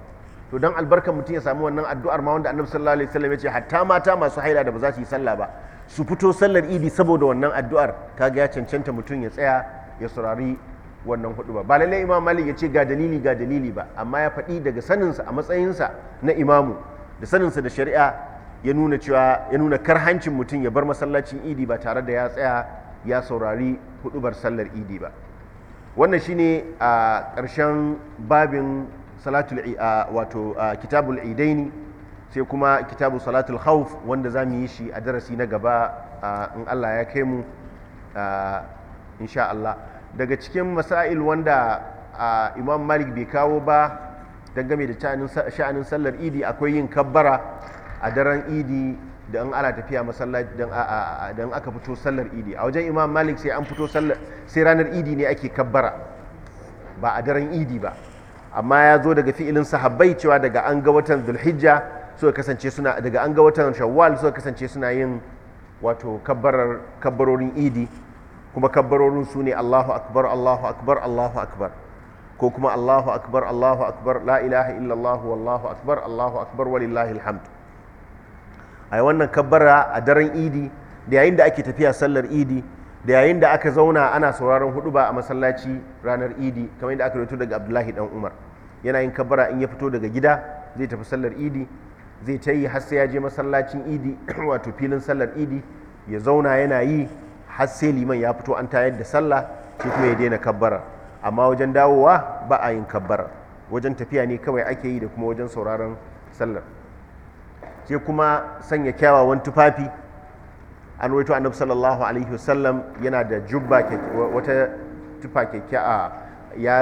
to dan albarkar mutum ya samu wannan addu'ar ma wanda annabi sallallahu alaihi wasallam ya ce hatta mata masu haila da ba za su yi sallah ba su fito sallar idi saboda wannan addu'ar kaga ya cancanta mutum ya tsaya ya saurari wannan huɗuba ba lallai imam malik ya ce ga dalili ga dalili ba amma ya faɗi daga saninsa a matsayinsa na imamu da saninsa da shari'a ya nuna cewa ya nuna karhancin mutum ya bar masallacin idi ba tare da ya tsaya ya saurari hudubar sallar idi ba wannan shine a ƙarshen babin salatul wato kitabul idaini sai kuma kitabu salatul khawf wanda za mu yi shi a darasi na gaba in Allah ya kai mu Allah daga cikin masail wanda imam malik bai kawo ba dangame da sha'anin sallar idi akwai yin kabbara a daren idi don ana tafiya masallaci don aka fito sallar idi a wajen imam malik sai an fito sallar sai ranar idi ne ake kabbara ba a daren idi ba amma ya zo daga fi'ilin sahabbai cewa daga an ga watan zulhijja suka kasance suna daga an ga watan shawwal suka kasance suna yin wato kabbarar kabbarorin idi kuma kabbarorin su ne allahu akbar allahu akbar allahu akbar ko kuma allahu akbar allahu akbar la ilaha illallah wallahu akbar allahu akbar walillahi alhamdu a yi wannan kabbara a daren idi da yayin da ake tafiya sallar idi da yayin da aka zauna ana sauraron hudu ba a masallaci ranar idi kamar yadda aka rito daga abdullahi dan umar yana yin kabbara in ya fito daga gida zai tafi sallar idi zai ta yi har ya je masallacin idi wato filin sallar idi ya zauna yana yi har liman ya fito an tayar da sallah sai kuma ya daina kabbara amma wajen dawowa ba a yin kabbara wajen tafiya ne kawai ake yi da kuma wajen sauraron sallar sai kuma sanya kyawawan tufafi an rawaito annabi sallallahu alaihi wasallam yana da jubba wata tufa keke a ya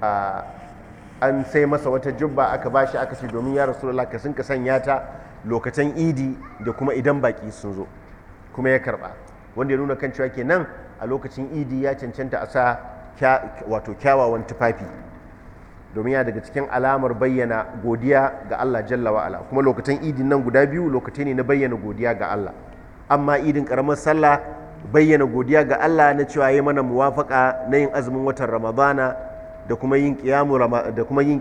a an sai masa wata jubba aka bashi aka ce domin ya rasulullah ka sun ka sanya ta lokacin idi da kuma idan baki sun zo kuma ya karba wanda ya nuna kan cewa kenan a lokacin idi ya cancanta a sa wato kyawawan tufafi domin ya daga cikin alamar bayyana godiya ga Allah jalla wa'ala kuma lokacin idin nan guda biyu lokaci ne na bayyana godiya ga Allah amma idin karamar sallah bayyana godiya ga Allah na cewa yi mana muwafaka na yin azumin watan ramadana da kuma yin kiyamu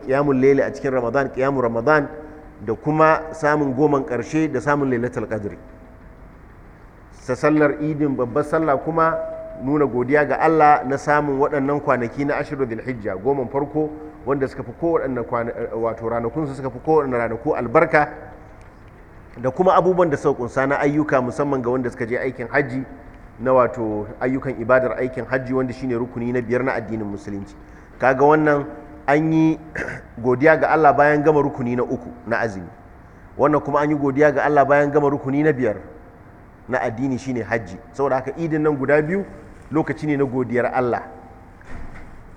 kiyamun lele a cikin ramadan kiyamu ramadan da kuma samun goman karshe da samun lailatul qadri sa sallar idin babbar sallah kuma nuna godiya ga Allah na samun waɗannan kwanaki na ashiru hijja goman farko wanda suka fi kowaɗannan eh, wato ranakun su suka fi kowaɗannan ranaku albarka da kuma abubuwan da suka kunsa na ayyuka musamman ga wanda suka je aikin hajji na wato ayyukan ibadar aikin hajji wanda shine rukuni na biyar na addinin musulunci kaga wannan an yi godiya ga Allah bayan gama rukuni na uku na azumi wannan kuma an yi godiya ga Allah bayan gama rukuni na biyar na addini shine hajji saboda haka idin nan guda biyu lokaci ne na godiyar Allah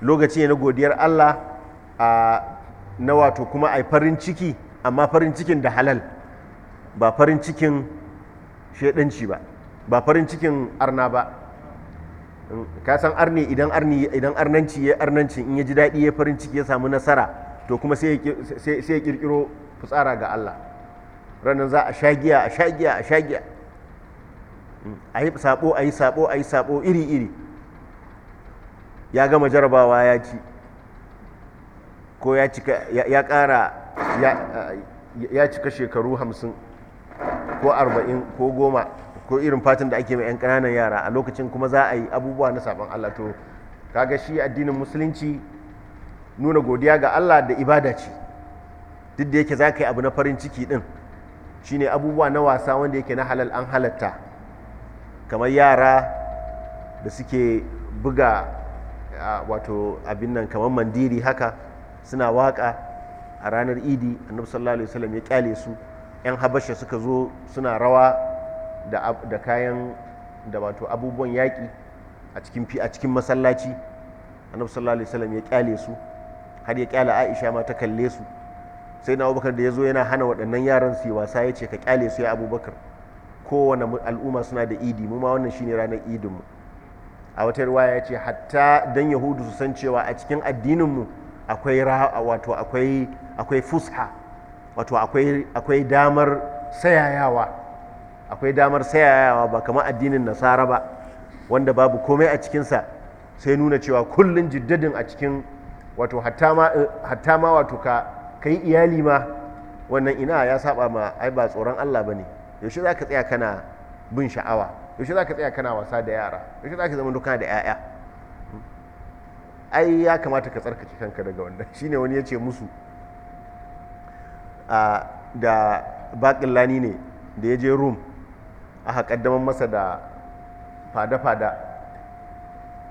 lokaci ne na godiyar Allah na wato kuma a farin ciki amma farin cikin da halal ba farin cikin shaidanci ba ba farin cikin arna ba ka san arni idan arni idan arnanci ya arnanci in ya ji daɗi ya farin ciki ya samu nasara to kuma sai ya kirkiro fitsara ga Allah ranar za a shagiya a shagiya a shagiya hmm, a yi sabo a yi sabo a yi sabo iri iri ya gama jarabawa ya ci ko ya cika ya ƙara ya cika shekaru hamsin ko arba'in ko goma ko irin fatan da ake mai 'yan ƙananan yara a lokacin kuma za a yi abubuwa na sabon Allah to kaga shi addinin musulunci nuna godiya ga Allah da ibada ce duk da yake za ka yi abu na farin ciki din ne abubuwa na wasa wanda yake na halal an halatta kamar yara da suke buga wato abin nan kamar mandiri haka suna waka a ranar idi annabi sallallahu alaihi wasallam ya kyale su yan habasha suka zo suna rawa da kayan da wato abubuwan yaƙi a cikin fi a cikin masallaci annabi sallallahu alaihi wasallam ya kyale su har ya kyale aisha ma ta kalle su sai na abubakar da ya zo yana hana waɗannan yaran su yi wasa ya ce ka kyale su ya abubakar kowane al'umma suna da idi mu ma wannan shine ranar idinmu a wata ruwa ya ce hatta dan yahudu su san cewa a cikin addinin mu akwai wato akwai fusha wato akwai damar sayayawa akwai damar sayayawa ba kamar addinin nasara ba wanda babu komai a cikinsa sai nuna cewa kullum jiddadin a cikin wato hatta ma eh, wato ka kai iyali ma wannan ina ya saba ma ai ba tsoron Allah ba ne yaushe za ka tsaya kana bin sha'awa yaushe za ka tsaya kana wasa da yara yaushe za ka zama duka da 'ya'ya ai ya kamata ka tsarkake kanka daga wannan shine wani ya ce musu da Lani ne da ya je rum aka kaddamar masa da fada-fada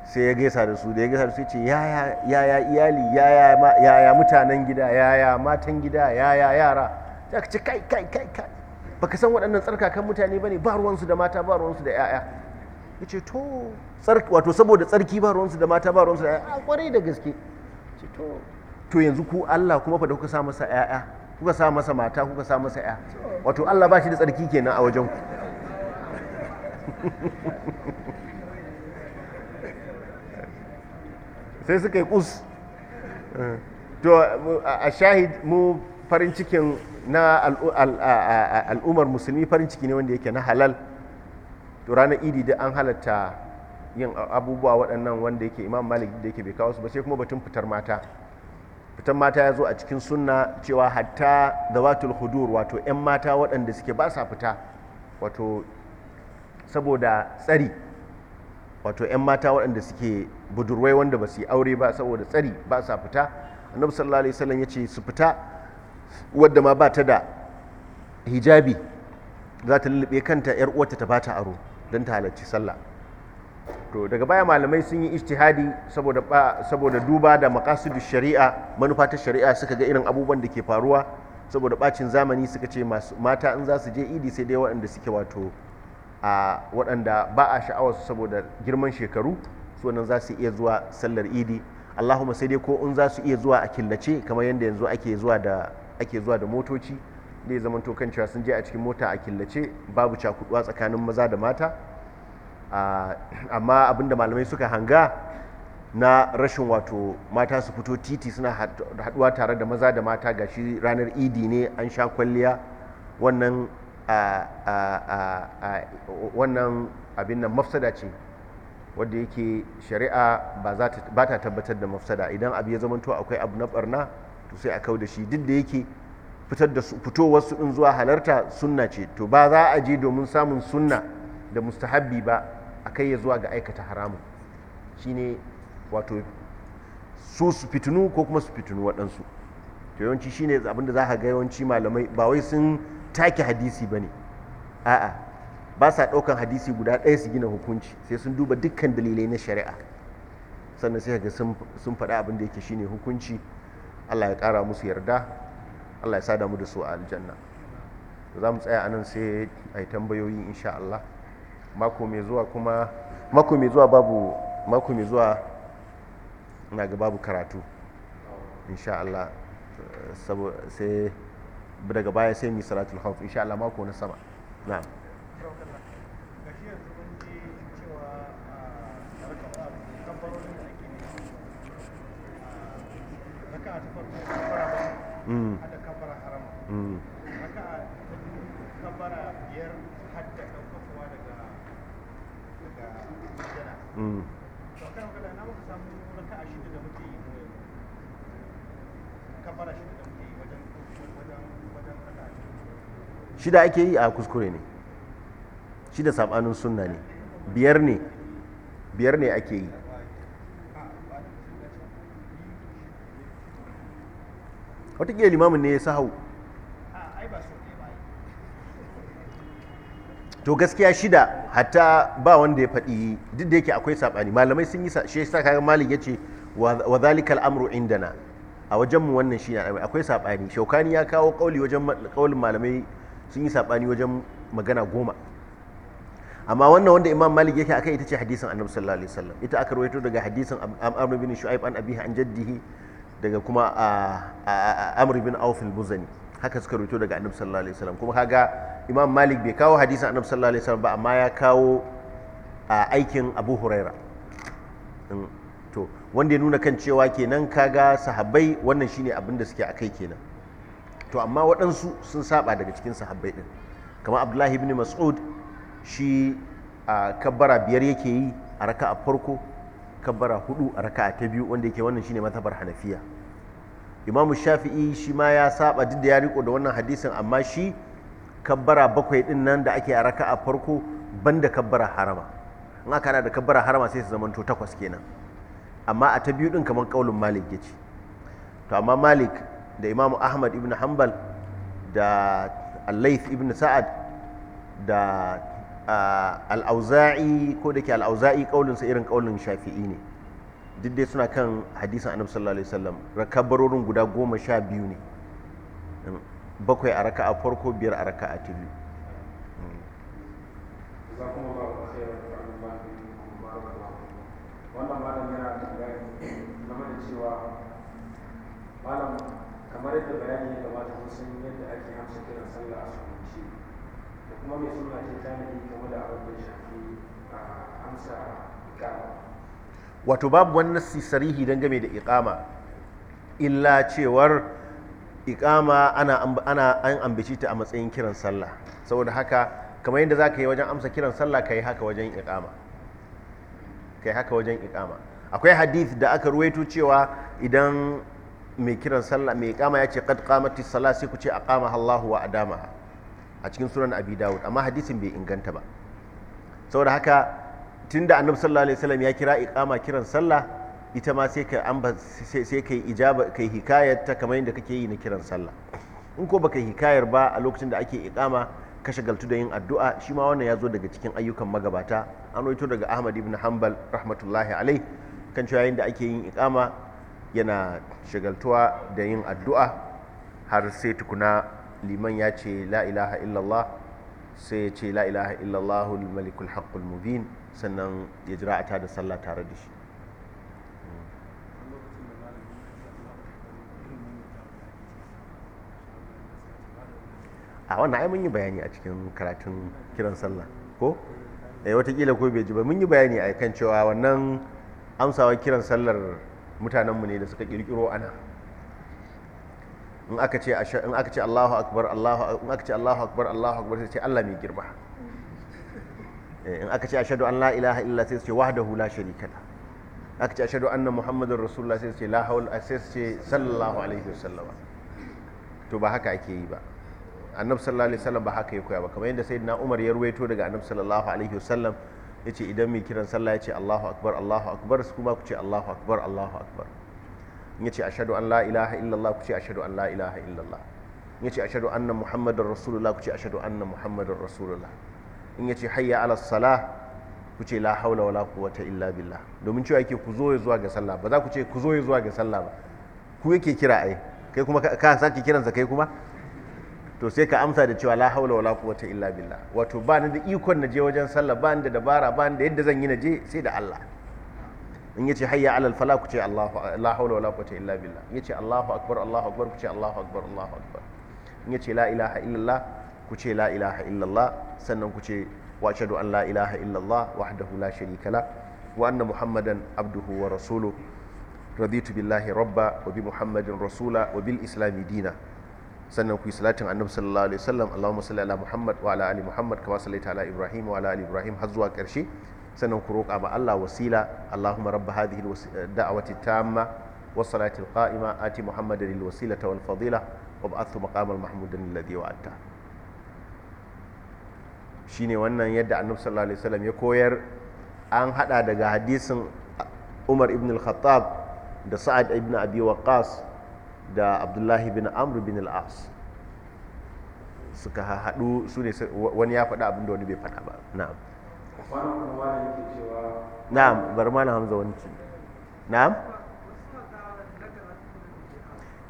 sai ya gaisa da su da ya gaisa da su ce yaya iyali yaya mutanen gida yaya matan gida yaya yara ta ce kai kai kai kai baka san waɗannan tsarkakan mutane ba ne ba ruwansu da mata ba ruwansu da 'ya'ya ya ce to wato saboda tsarki ba ruwansu da mata ba ruwansu da a kwarai da gaske to yanzu ku Allah kuma fa da kuka sa masa ƴaƴa kuka sa masa mata kuka sa masa ƴa wato Allah ba shi da tsarki kenan a wajen ku sai suka yi kus to a shahid mu farin cikin na al'ummar musulmi farin ciki ne wanda yake na halal to ranar idi da an halatta yin abubuwa waɗannan wanda yake imam malik da yake bai kawo su ba sai kuma batun fitar mata fitar mata ya zo a cikin sunna cewa hatta da zawatul hudur wato 'yan mata waɗanda suke ba sa fita wato saboda tsari wato 'yan mata waɗanda suke budurwai wanda ba su yi aure ba saboda tsari ba sa fita annabi sallallahu alaihi wasallam ya ce su fita wadda ma ba ta da hijabi za ta lulluɓe kanta 'yar uwarta ta bata aro don ta halarci sallah to daga baya malamai sun yi ijtihadi saboda duba da maqasidu shari'a manufa ta shari'a suka ga irin abubuwan da ke faruwa saboda bacin zamani suka ce mata in za su je idi sai dai waɗanda suke wato a waɗanda ba a sha'awar saboda girman shekaru su nan za su iya zuwa sallar idi allahumma sai dai ko in za su iya zuwa a killace kamar yadda yanzu ake ake zuwa da motoci zai zama to kan cewa sun je a cikin mota a killace babu cakuduwa tsakanin maza da mata ah, amma abinda malamai suka hanga na rashin wato mata su fito titi suna haduwa tare da maza da mata ga gashi ranar idi ne an sha kwalliya wannan ah, ah, wannan abin nan mafsada ce wadda yake shari'a ba ta tabbatar da mafsada idan abu ya zamanto akwai abu na barna to sai a kau da shi duk da yake fitar da su fitowar su din zuwa halarta sunna ce to ba za a je domin samun sunna da mustahabbi ba a kai ya zuwa ga aikata haramun shine wato su su fitinu ko kuma su fitinu waɗansu to yawanci shine abin da za ka ga yawanci malamai ba wai sun take hadisi ba ne a'a ba sa ɗaukan hadisi guda ɗaya su gina hukunci sai sun duba dukkan dalilai na shari'a sannan sai ga sun faɗa abin da yake shine hukunci allah ya ƙara musu yarda Allah ya sada mu da su a aljanna za mu tsaya anan sai a yi tambayoyi insha Allah mako mai zuwa kuma mako mai zuwa babu mako mai zuwa na ga babu karatu insha Allah sai daga baya sai mu salatul khawf insha Allah mako na sama na'am Mm. shida ake yi a kuskure ne shida sabanin sunna ne biyar ne biyar ne ake yi wataƙila limamin ne ya sahau to gaskiya shida hatta ba wanda ya faɗi duk da yake akwai saɓani malamai sun yi shi yasa kaga malik yace wa zalikal amru indana a wajen mu wannan shine akwai saɓani shaukani ya kawo kauli wajen kaulin malamai sun yi saɓani wajen magana goma amma wannan wanda imam malik yake akai ita ce hadisin annabi sallallahu alaihi wasallam ita aka rawaito daga hadisin amr bin shu'aib an abihi an jaddihi daga kuma amr bin auf al haka suka rubuto daga annabi sallallahu alaihi wasallam kuma kaga imam malik bai kawo hadisin annabi sallallahu alaihi wasallam ba amma ya kawo a aikin abu huraira to wanda ya nuna kan cewa kenan kaga sahabbai wannan shine abin da suke akai kenan to amma waɗansu sun saba daga cikin sahabbai din kamar abdullahi ibn mas'ud shi a kabbara biyar yake yi a raka'a farko kabbara hudu a raka'a ta biyu wanda yake wannan shine mazhabar hanafiya imam shafi'i shi ma ya saba duk da ya riko da wannan hadisin amma shi kabbara bakwai din nan da ake a raka a farko banda kabbara harama in aka da kabbara harama sai su zamanta takwas kenan amma a ta biyu din kamar kaulin malik ya ce to amma malik da imam ahmad ibn hanbal da al ibn sa'ad da uh, al-auza'i ko da ke al-auza'i kaulinsa irin kaulin shafi'i ne duk dai suna kan hadisin annabi sallallahu alaihi wasallam rakabarorin guda goma sha biyu ne bakwai a raka'a farko biyar a raka'a ta biyu wannan malam yana da bayani game da cewa malam kamar yadda bayani ya gabata sun yadda ake hamsa kiran sallah a sunanci da kuma mai suna ce tanadi game da abin da shafi a ah, hamsa ikama wato babu wani nassi sarihi don game da iqama illa cewar iqama ana ana an ambaci ta a matsayin kiran sallah saboda haka kamar yadda zaka yi wajen amsa kiran sallah yi haka wajen iqama yi haka wajen iqama akwai hadith da aka ruwaito cewa idan mai kiran sallah mai iqama ya ce qad qamatis salah sai ku ce aqamaha Allahu wa Adama a cikin sunan Abi Dawud amma hadisin bai inganta ba saboda haka tunda annabi sallallahu alaihi wasallam ya kira iqama kiran sallah ita ma sai kai amba sai kai ijaba kai hikayar ta kamar yadda kake yi na kiran sallah in ko baka hikayar ba a lokacin da ake iqama ka shagaltu da yin addu'a shi ma wannan ya zo daga cikin ayyukan magabata an roito daga ahmad ibn hanbal rahmatullahi alai kan cewa yayin da ake yin ikama yana shagaltuwa da yin addu'a har sai tukuna liman ya ce la ilaha illallah sai ya ce la ilaha illallah malikul haqqul mubin sannan ya jira a tada sallah tare da shi a wannan ai mun yi bayani a cikin karatun kiran sallah ko eh watakila ko bai ji ba mun yi bayani a kan cewa wannan amsawa kiran sallar mutanenmu ne da suka kirkiro ana in aka ce in aka ce Allahu akbar Allahu in Allahu akbar Allahu akbar sai ce Allah mai girma Eh, in aka ce ashadu an la ilaha illa sai su ce wahdahu la sharika la aka ce ashhadu anna muhammadar rasulullah sai su ce la hawl sai su ce sallallahu alaihi wasallam to ba haka ake yi ba annab sallallahu alaihi wasallam ba haka ya koya ba kamar yadda sayyidina umar ya ruwaito daga annab sallallahu alaihi wasallam yace idan mai kiran sallah yace Allahu akbar Allahu akbar su kuma ku ce Allahu akbar Allahu akbar in yace ashadu an la ilaha illallah ku ce ashadu an la ilaha illallah in yace ashhadu anna muhammadar rasulullah ku ce ashhadu anna muhammadar rasulullah in ya ce hayya ala sala ku ce la haula wala quwwata illa billah domin cewa yake ku zo ya zuwa ga sallah ba za ku ce ku zo ya zuwa ga sallah ba ku yake kira ai kai kuma ka sake kiransa kai kuma to sai ka amsa da cewa la haula wala quwwata illa billah wato ba ni da ikon na je wajen sallah ba ni da dabara ba ni da yadda zan yi na je sai da Allah in yace hayya al falaq ku ce Allahu la haula wala quwwata illa billah yace Allahu akbar Allahu akbar ku ce Allahu akbar Allahu akbar in yace la ilaha illallah ku ce la ilaha illallah sannan ku ce wa ashhadu an la ilaha illallah wahdahu la sharika la wa anna muhammadan abduhu wa rasulu raditu billahi rabba wa bi muhammadin rasula wa bil islami dina sannan ku yi salatin annabi sallallahu alaihi wasallam allahumma salli ala muhammad wa ala ali muhammad kama sallaita ala ibrahim wa ala ali ibrahim har zuwa karshe sannan ku roƙa ma Allah wasila allahumma rabba hadhihi da'awati tamma was salati al qa'ima ati muhammadan al wasilata wal fadila wa ba'athu maqamal mahmudan alladhi wa'adta shine wannan yadda annabi sallallahu alaihi wasallam ya koyar an hada daga hadisin Umar ibn al-Khattab da Sa'ad ibn Abi Waqqas da Abdullahi ibn Amr ibn al-As suka haɗu su ne wani ya faɗa abin da wani bai faɗa ba na'am na'am na hamza wani na'am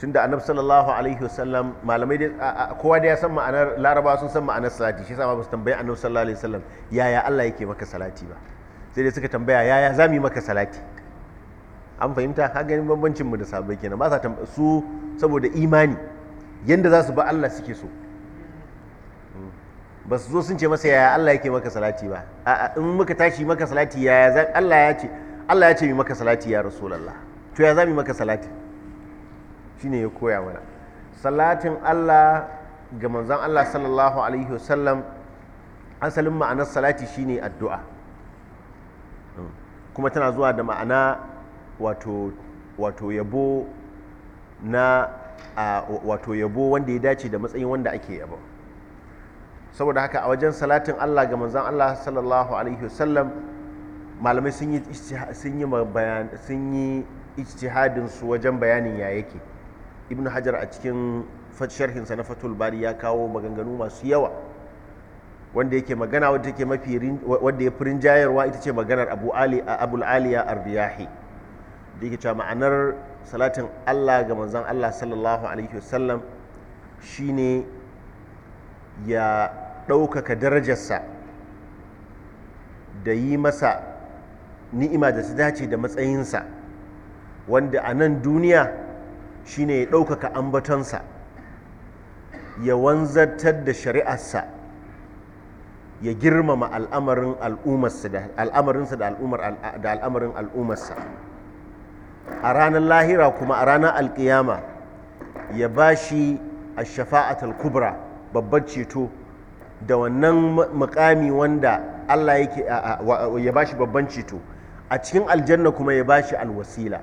tunda annabi sallallahu alaihi wasallam malamai kowa da ya san ma'anar laraba sun san ma'anar salati shi yasa ba su tambayi annabi sallallahu alaihi wasallam yaya Allah yake maka salati ba sai dai suka tambaya yaya za mu yi maka salati an fahimta ka ganin bambancin mu da sabai kenan ba sa su saboda imani yanda za su ba Allah suke so hmm. ba su zo sun ce masa yaya Allah yake maka salati ba a'a in muka tashi maka salati yaya Allah ya ce Allah ya ce mi maka salati ya rasulullah to ya za mu yi maka salati shine ya koya mana salatin Allah ga manzon Allah sallallahu alaihi wasallam asalin ma'anar salati shine addu'a hmm. kuma tana zuwa da ma'ana wato wato yabo na wato yabo wanda ya dace da matsayin wanda ake yabo saboda haka a wajen salatin Allah ga manzon Allah sallallahu alaihi wasallam malamai sun yi sun yi su wajen bayanin ya yake ibn hajar a cikin sharhinsa na fatul bari ya kawo maganganu masu yawa wanda yake magana wanda yake mafi wanda ya furin jayarwa ita ce maganar abu ali a abul aliya arbiyahi da yake cewa ma'anar salatin allah ga manzon allah sallallahu alaihi wasallam shine ya ɗaukaka darajarsa da yi masa ni'ima da su dace da matsayinsa wanda a nan duniya shine ya ɗaukaka ambatonsa ya wanzartar da shari'arsa ya girmama al'amarin al'amarinsa da al'amarin al'umarsa a ranar lahira kuma a ranar alƙiyama, ya ba shi a shafa'atul kubra babbar ceto da wannan mukami wanda Allah yake ya ba shi babban ceto a cikin aljanna kuma ya ba shi alwasila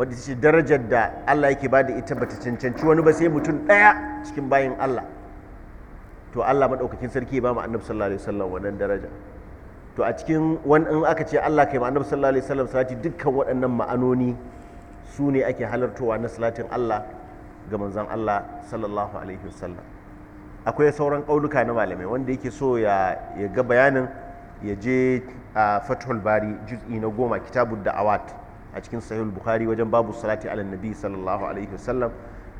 wadda ce darajar da Allah yake bada ita bata cancanci wani ba sai mutum ɗaya cikin bayan Allah to Allah maɗaukakin sarki ba mu annabi sallallahu alaihi wasallam wannan daraja to a cikin wani in aka ce Allah kai ma annabi sallallahu alaihi wasallam salati dukkan waɗannan ma'anoni su ne ake halartowa na salatin Allah ga manzon Allah sallallahu alaihi wasallam akwai sauran ƙauluka na malamai wanda yake so ya ga bayanin ya je a fathul bari juz'i na goma kitabud da'awat a cikin sahih bukhari wajen babu salati ala nabi sallallahu alaihi wasallam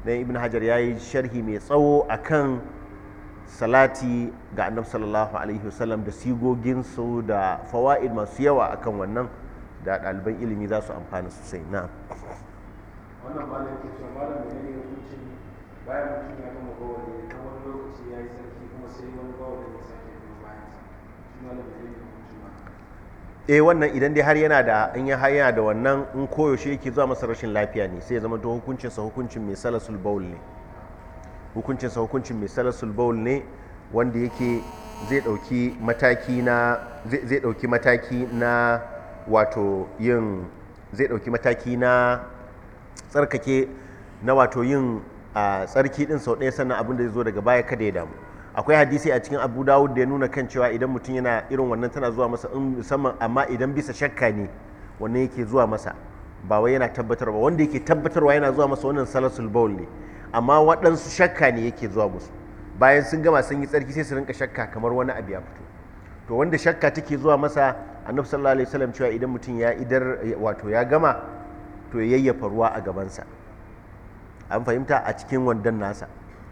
dan ibn hajar yayi sharhi mai tsawo akan salati ga annab sallallahu alaihi wasallam da sigogin su da fawaid masu yawa akan wannan da ɗaliban ilimi za su amfana sosai na wannan da ke cewa malam ne ne hukuncin bayan mutum ya gama bawali ta wani lokaci ya yi sarki kuma sai wani bawali ya sake biyo bayan sa shi malam ne eh wannan idan dai har yana da in ya haya da wannan in koyaushe yake zuwa masa rashin lafiya ne sai ya zama to hukuncin sa hukuncin mai salasul baul ne hukuncin sa hukuncin mai salasul baul ne wanda yake zai dauki mataki na zai dauki mataki na wato yin zai dauki mataki na tsarkake na wato yin a ah, tsarki din sau ɗaya sannan abin da zai zo daga baya kada ya damu akwai hadisi a cikin abu dawud da ya nuna kan cewa idan mutum yana irin wannan tana zuwa masa musamman amma idan bisa shakka ne wannan yake zuwa masa ba wai yana tabbatarwa wanda yake tabbatarwa yana zuwa masa wannan salasul bawl ne amma waɗansu shakka ne yake zuwa musu bayan sun gama sun yi tsarki sai su rinka shakka kamar wani abu ya fito to wanda shakka take zuwa masa annabi sallallahu alaihi wasallam cewa idan mutum ya idar wato ya gama to ya yayyafa ruwa a gabansa an fahimta a cikin wandan nasa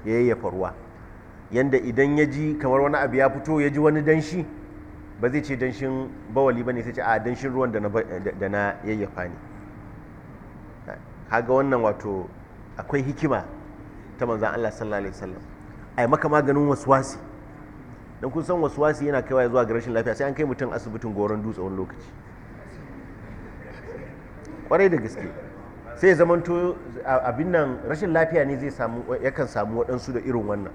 ya yayyafa ruwa yanda idan ya ji kamar wani abu ya fito ya ji wani danshi ba zai ce danshin bawali ba ne sai ce a danshin ruwan da na yayyafa ne kaga wannan wato akwai hikima ta manzan Allah sallallahu alaihi wasallam ai maka maganin waswasi dan kun san waswasi yana kaiwa zuwa ga rashin lafiya sai an kai mutum asibitin goron dutse wani lokaci kwarai da gaske sai zamanto abin nan rashin lafiya ne zai samu yakan samu waɗansu da irin wannan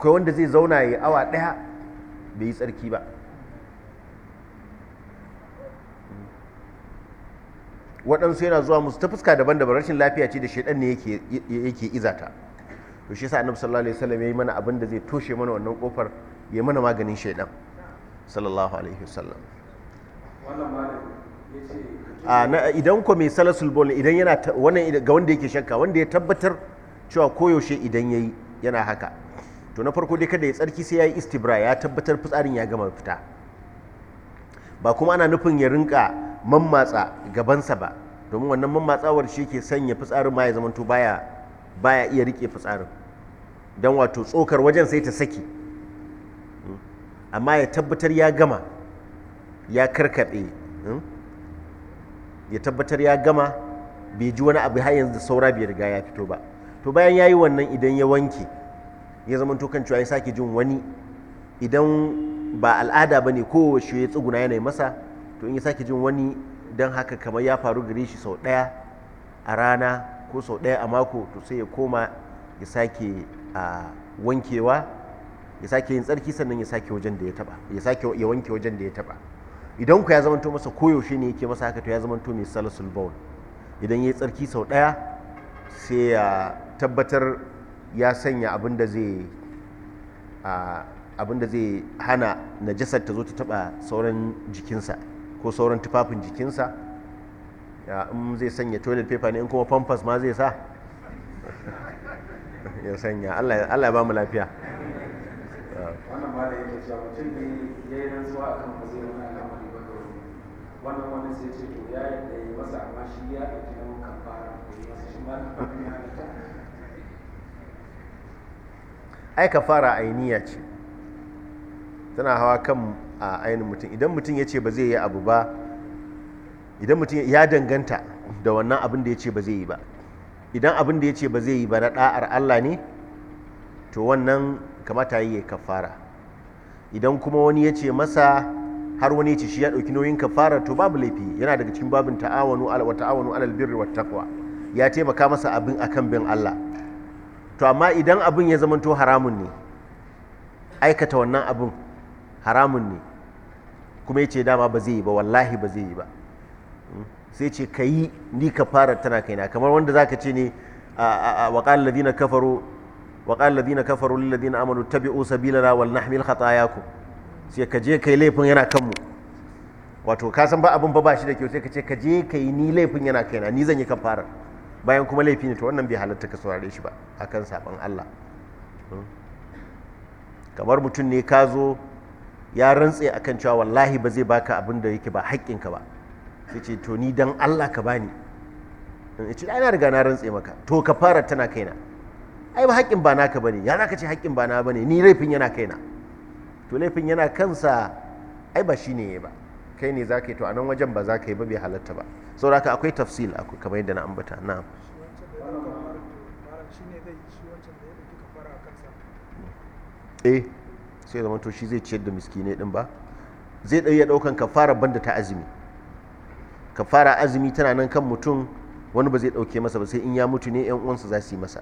akwai wanda zai zauna ya awa ɗaya bai yi tsarki ba waɗansu yana zuwa musu ta fuska daban daban rashin lafiya ce da shaidan ne yake izata to shi yasa annabi sallallahu alaihi wasallam yayi mana abin da zai toshe mana wannan kofar yayi mana maganin shaidan sallallahu alaihi wasallam wannan idan ko mai salasul bol idan yana wannan ga wanda yake shakka wanda ya tabbatar cewa koyaushe idan yayi yana haka to na farko dai kada ya tsarki sai ya yi istibra ya tabbatar fitsarin ya gama fita ba kuma ana nufin ya rinka mammatsa gabansa ba domin wannan mammatsawar shi ke sanya fitsarin ma ya zama baya baya iya rike fitsarin don wato tsokar wajen sai ta saki amma ya tabbatar ya gama ya karkaɗe hmm? ya tabbatar ya gama bai ji wani abu har yanzu saura bai riga ya fito ba to bayan ya yi wannan idan ya wanke ya zama tukan cewa ya sake jin wani idan ba al'ada ba ne kowace ya tsuguna yanayi masa to in ya sake jin wani don haka kamar ya faru gare shi sau ɗaya a rana ko sau ɗaya a mako to sai ya koma ya sake a wankewa ya sake yin tsarki sannan ya sake wajen da ya taba ya sake ya wanke wajen da ya taba idan ku ya zamanto masa koyaushe ne yake masa haka to ya zamanto mai salasul bawl idan ya yi tsarki sau ɗaya sai ya tabbatar ya sanya abin da zai abin da zai hana najasar ta zo ta taba sauran jikinsa ko sauran tufafin jikinsa in zai sanya toilet paper ne in kuma pampers ma zai sa ya sanya allah ya ba mu lafiya wannan ba da yake cewa mutum ne ya yi rantsuwa a kan zai wani al'amari ba da wani wannan wani sai ce to ya yi masa amma shi ya ɗauki nauyin kamfara ko yi masa shi ma da ya halatta ai fara ainiya ce tana hawa kan a ainihin mutum idan mutum ya ce ba zai yi abu ba idan mutum ya danganta da wannan abin da ya ce ba zai yi ba idan abin da ya ce ba zai yi ba na da'ar Allah ne to wannan kamata yi ya kafara idan kuma wani ya ce masa har wani ya ce shi ya ɗauki nauyin kafara to babu laifi yana daga cikin babin ta'awanu wa ta'awanu alal birri wa taqwa ya taimaka masa abin akan bin Allah to amma idan abin ya zamanto haramun ne aikata wannan abin haramun ne kuma ya ce dama ba zai yi ba wallahi ba zai yi ba hmm? sai ce ka yi ni ka fara tana kaina kamar wanda za ka ce ne a ƙalin ladina kafaro wa ladina kafaro ladina amanu tabi'u sabilana wal nahmil ku sai ka je kai laifin yana kanmu wato ka san ba abin ba ba shi da kyau sai ka ce ka je kai ni laifin yana kaina ni zan yi ka fara. bayan kuma laifi ne to wannan bai halatta ka saurare shi ba akan saɓan Allah hmm? kamar mutum ne ka zo ya rantse a kan cewa wallahi ba zai baka abin da yake ba haƙƙinka ba sai ce to ni dan Allah ka bani in ce ina riga na rantse maka to ka fara tana kaina ai ba haƙƙin ba naka bane ya zaka ce haƙƙin ba na bane ni laifin yana kaina to laifin yana kansa ai ba shine ba kai ne zaka yi to a nan wajen ba za ka yi ba bai halatta ba sauraka akwai tafsil kamar yadda na ambata na eh sai zama to shi zai ciyar da miskinai din ba zai ɗaya ɗaukan kafara banda ta azumi kafara azumi tana nan kan mutum wani ba zai ɗauke masa ba sai in ya mutu ne 'yan uwansa za su yi masa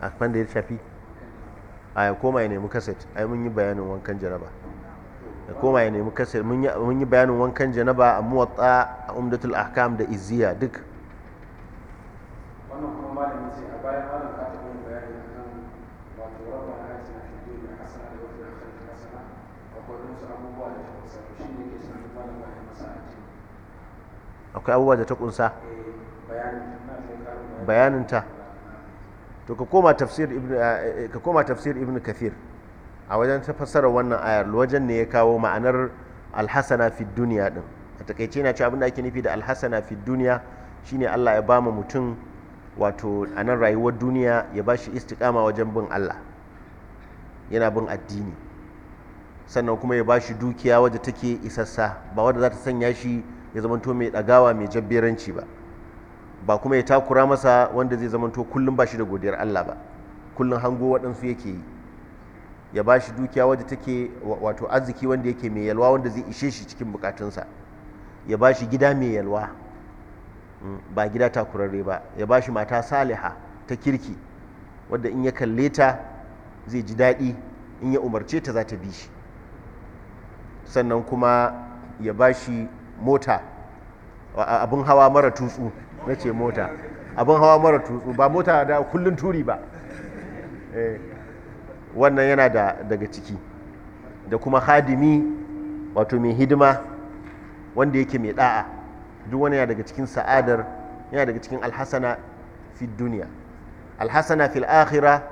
a kwanda ya shafi a ya koma ya nemi kaset ai mun yi bayanin wankan janaba ya koma ya nemi kaset mun yi bayanin wankan janaba a muwatsa a umdatul akam da iziya duk akwai abubuwa da ta kunsa eh, bayanin ta to eh, eh, ka koma tafsir ibn kathir a wajen tafasara wannan ayar wajen ne ya kawo ma'anar alhasana fi duniya din a takaice yana cewa abinda ake nufi da alhasana fi duniya shine Allah ya bama mutum wato a nan rayuwar duniya ya ba shi istikama wajen bin Allah yana bin addini sannan kuma ya ba shi dukiya wadda take isassa ba wadda za ta sanya shi ya zamanto mai ɗagawa mai jabberanci ba ba kuma ya takura masa wanda zai zamanto kullum ba shi da godiyar Allah ba kullum hango waɗansu yake yi ya ba shi dukiya wadda take wato arziki wanda yake mai yalwa wanda zai ishe shi cikin bukatunsa ya ba shi gida mai yalwa mm, ba gida takurarre ba ya ba shi mata saliha ta kirki wadda in ya kalle ta zai ji daɗi in ya umarce ta za ta bi shi sannan kuma ya ba shi mota abin hawa mara tutsu na ce mota abin hawa mara tutsu ba mota da kullun turi ba eh, wannan yana daga ciki da kuma hadimi wato mai hidima wanda yake mai da'a duk wani yana daga cikin sa'adar yana daga cikin alhassana fi duniya alhassana fil akhira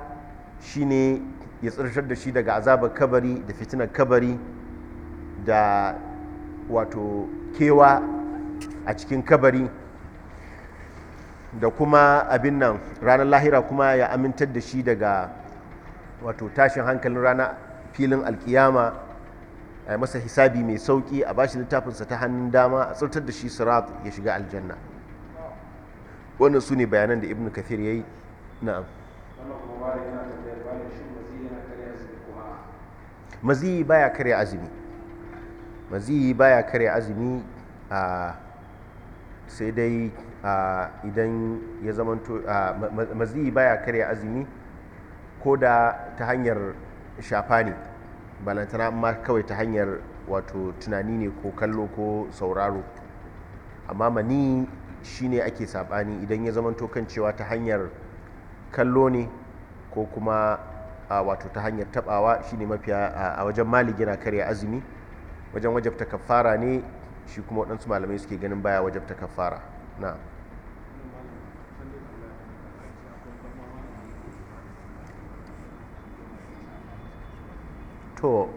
shine ya tsirshar da shi daga azabar kabari da fitinar kabari da wato kewa a cikin kabari da kuma abin nan ranar lahira kuma ya amintar da shi daga wato tashin hankalin rana filin alkiyama a masa hisabi mai sauki a bashi littafinsa ta hannun dama a tsirtar da shi sirat ya shiga aljanna wannan su ne bayanan da ibn kathir ya yi na'am maziyi baya karya azumi maziyi baya karya azumi a sai dai idan ya zamanto maziyi baya karya azumi ko da ta hanyar shafa ne balantana ma kawai ta hanyar wato tunani ne ko kallo ko sauraro amma mani shine ake sabani idan ya zamanto kan cewa ta hanyar kallo ne ko kuma wato ta hanyar tabawa shine mafiya a wajen maligina na karya azumi wajen wajabta kafara ne shi kuma waɗansu malamai suke ganin baya wajabta kafara na to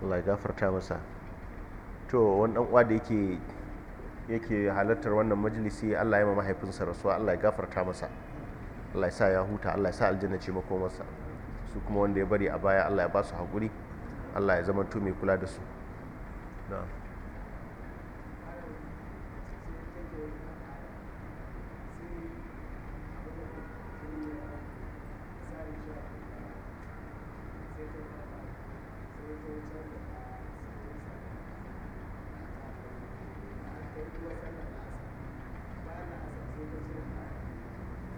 Allah ya gafarta masa to wani dan uwa da yake yake halartar wannan majalisi Allah ya ma mahaifinsa rasuwa Allah ya gafarta masa Allah ya sa ya huta Allah ya sa aljanna ce masa su kuma wanda ya bari a baya Allah ya ba su haƙuri Allah ya zama mai kula da su na'am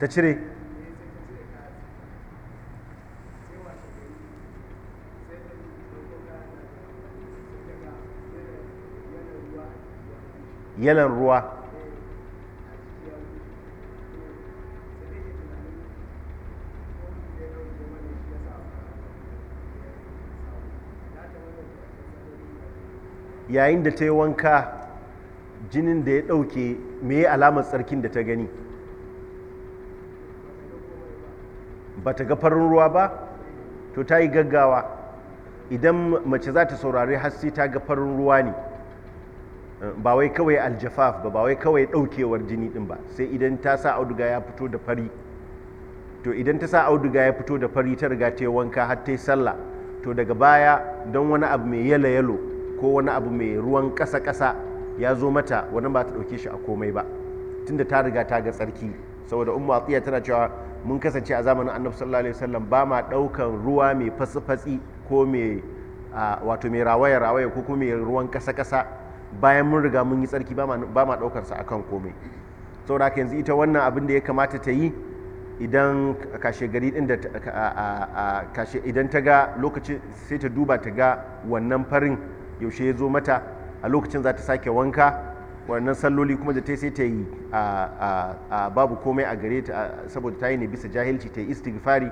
ta cire yalan ruwa yayin da ta yi wanka jinin da ya ɗauke me alamar tsarkin da ta gani ba ta ga farin ruwa ba to ta yi gaggawa idan mace za ta saurari hasi ta ga farin ruwa ne ba wai kawai aljafaf ba ba wai kawai ɗaukewar jini din ba sai idan ta sa auduga ya fito da fari to idan ta sa auduga ya fito da fari ta riga ta yi wanka har ta yi sallah to daga baya don wani abu mai yalo yalo ko wani abu mai ruwan ƙasa ƙasa ya zo mata wani ba ta ɗauke shi a komai ba tunda ta riga ta ga tsarki saboda umma atiya tana cewa mun kasance a zamanin annabi sallallahu alaihi wasallam ba ma daukan ruwa mai fasfatsi ko mai wato mai rawaya rawaya ko kuma mai ruwan kasa kasa bayan mun riga mun yi tsarki ba ma daukar sa akan komai saboda haka yanzu ita wannan abin da ya kamata ta yi idan kashe gari din da kashe idan ta ga lokacin sai ta duba ta ga wannan farin yaushe ya zo mata a lokacin za ta sake wanka wannan salloli kuma da ta sai ta yi a babu komai a gare ta saboda ta yi ne bisa jahilci ta yi istighfari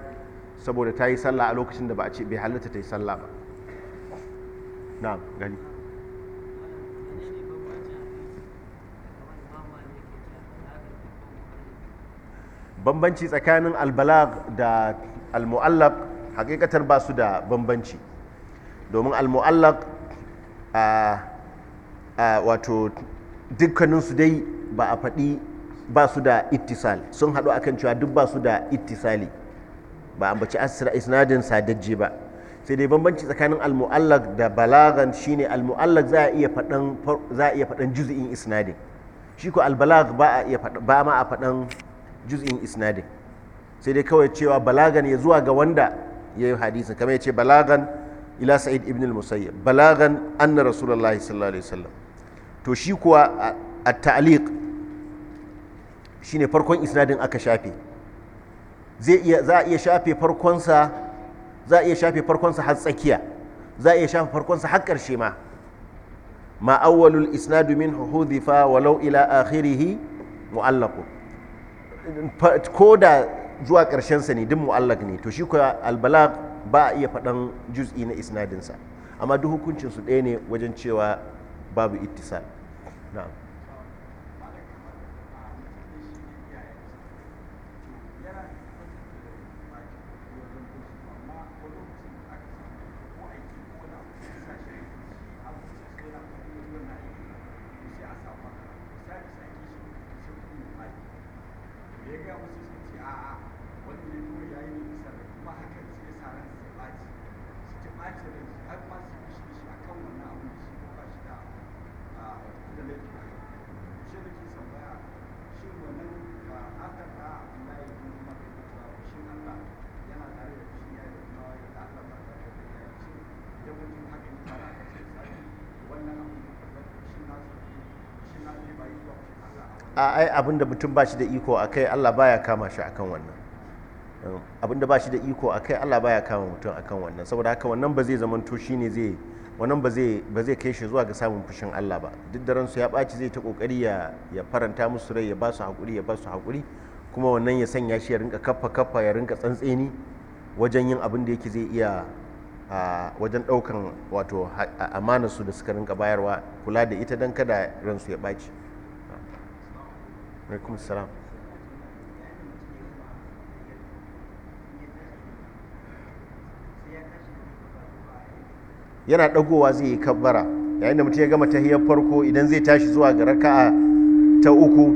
saboda ta yi sallah a lokacin da ba a ce bai halatta ta yi sallah ba na gani bambanci tsakanin albalag da almu'allaq hakikatar ba su da bambanci domin a wato su dai ba a faɗi ba su da ittisali sun haɗu akan cewa duk ba su da ittisali ba a ambaci isnadin sadajje ba sai dai bambanci tsakanin almu'allak da balagan shine almu'allak za a iya faɗan za a iya faɗan juz'in isnadin shi ko albalag ba a iya ba ma a faɗan juz'in isnadin sai dai kawai cewa balagan ya zuwa ga wanda ya yi hadisin kamar ya ce balagan ila sa'id ibn al-musayyib balagan anna rasulullahi sallallahu alaihi wasallam to shi kuwa a ta'aliq ne farkon isnadin aka shafe iya za a iya shafe farkonsa za a iya shafe farkonsa har tsakiya za a iya shafe farkonsa har ƙarshe ma ma awwalul isnadu min hudhifa walau ila akhirih mu'allaq ko da zuwa ƙarshen sa ne duk mu'allaq ne to shi kuwa albalagh ba a iya faɗan juz'i na isnadinsa amma duk hukuncin su ɗaya ne wajen cewa babu ittisal na'am ai abin da mutum ba shi da iko a kai allah baya kama shi akan wannan abin da ba shi da iko a kai allah baya kama mutum akan wannan saboda haka wannan ba zai zamanto shi ne zai wannan ba zai kai shi zuwa ga samun fushin allah ba duk da ransu ya ɓaci zai ta kokari ya faranta musu rai ya ba su haƙuri ya ba su haƙuri kuma wannan ya sanya shi ya rinka kaffa kaffa ya rinka tsantseni wajen yin abin da yake zai iya wajen ɗaukan wato su da suka rinka bayarwa kula da ita don kada ransu ya ɓaci alaikum salam yana dagowa zai yi kabbara yayin da mutum ya gama tahiyar farko idan zai tashi zuwa ga raka'a ta uku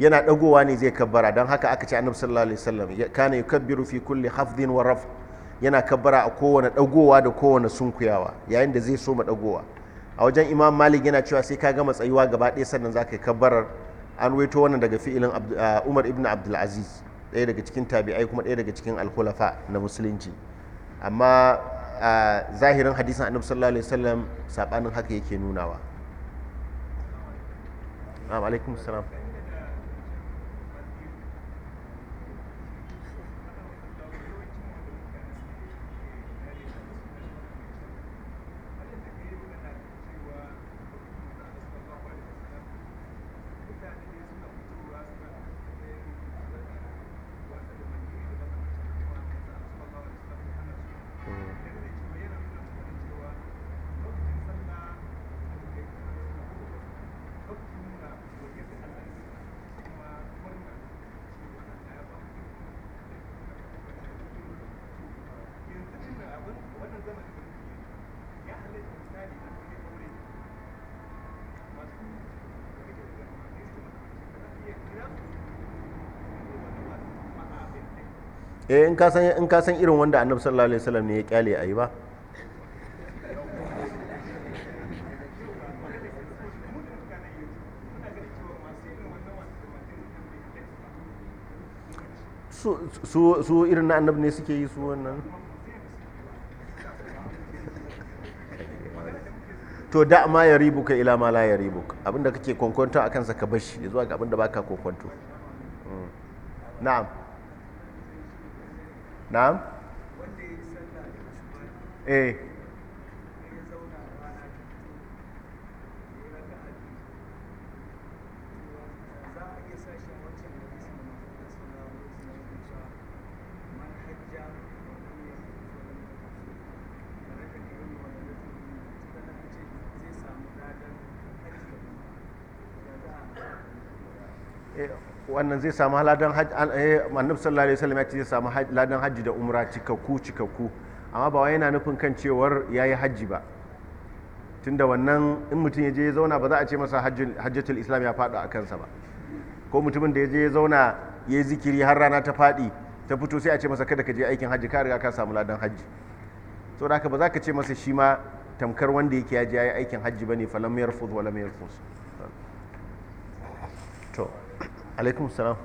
yana dagowa ne zai kabbara don haka aka ce annabi sallallahu alaihi wasallam kana yukabbiru fi kulli hafdin wa raf yana kabbara a kowane dagowa da kowane sunkuyawa yayin da zai so ma dagowa a wajen imam malik yana cewa sai ka gama tsayuwa gaba ɗaya sannan za ka yi kabbarar an waito wannan daga fi'ilin ah, umar ibn abdulaziz ɗaya daga cikin tabi'ai kuma ɗaya daga cikin alkulafa na musulunci amma ah, zahirin hadisin annabi sallallahu alaihi wasallam sabanin haka yake nunawa alaikum salam eh in ka san in ka san irin wanda annabi sallallahu alaihi wasallam ne ya kyale ayi ba su irin na annabi ne suke yi su wannan to da ma ya ribuka ila ma la ya ribuka abinda kake kwankwanto a sa ka bashi ya zuwa ga abinda baka kwankwanto mm. na'am na'am eh wannan zai samu ladan hajji eh, annabi sallallahu alaihi wasallam ya ce zai samu ladan hajji da umra cikakku cikakku amma ba wai yana nufin kan cewar yayi hajji ba tunda wannan in mutum ya je ya zauna ba za a ce masa hajjatul islam ya fada a kansa ba ko mutumin da ya je ya zauna ya yi zikiri har rana ta fadi ta fito sai a ce masa kada ka je aikin hajji ka riga ka samu ladan hajji to da haka ba za ka ce masa shi ma tamkar wanda yake ya je ya yi aikin hajji bane falam yarfud wala yarfuz to alaikum salam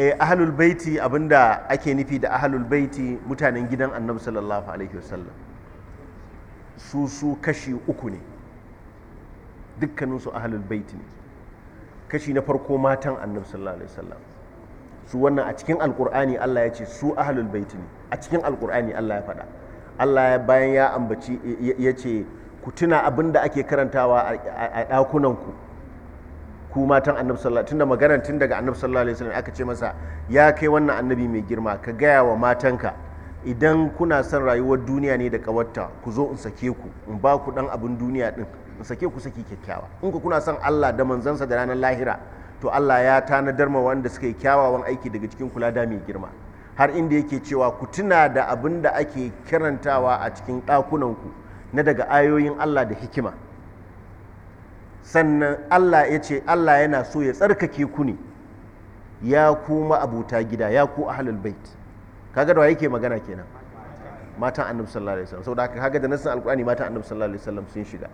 eh ahlul baiti abinda ake nufi da ahlul baiti mutanen gidan annabi sallallahu alaihi wasallam su su kashi uku ne dukkanin su ahlul baiti ne kashi na farko matan annabi sallallahu alaihi wasallam su wannan a cikin alkur'ani Allah ya ce su ahlul baiti ne a cikin alkur'ani Allah ya faɗa Allah bayan ya ambaci ya ce ku tuna abin da ake karantawa a ɗakunanku ku matan annabi sallallahu tunda maganar tun daga annabi sallallahu alaihi wasallam aka ce masa ya kai wannan annabi mai girma ka gaya wa matanka idan kuna son rayuwar duniya ne da kawarta ku zo in sake ku in ba ku dan abin duniya din in sake ku saki kyakkyawa in ku kuna son Allah da manzansa da ranar lahira to Allah ya tanadar ma wanda suka yi kyawawan aiki daga cikin kula da mai girma har inda yake cewa ku tuna da abin da ake karantawa a cikin ɗakunanku na daga ayoyin Allah da hikima sannan Allah ya ce Allah yana so ya tsarkake ku ne ya kuma ma'abuta gida ya ku ahlul bait kaga da yake magana kenan matan annabi sallallahu alaihi wasallam saboda haka kaga da nassin alqur'ani matan annabi sallallahu alaihi wasallam sun shiga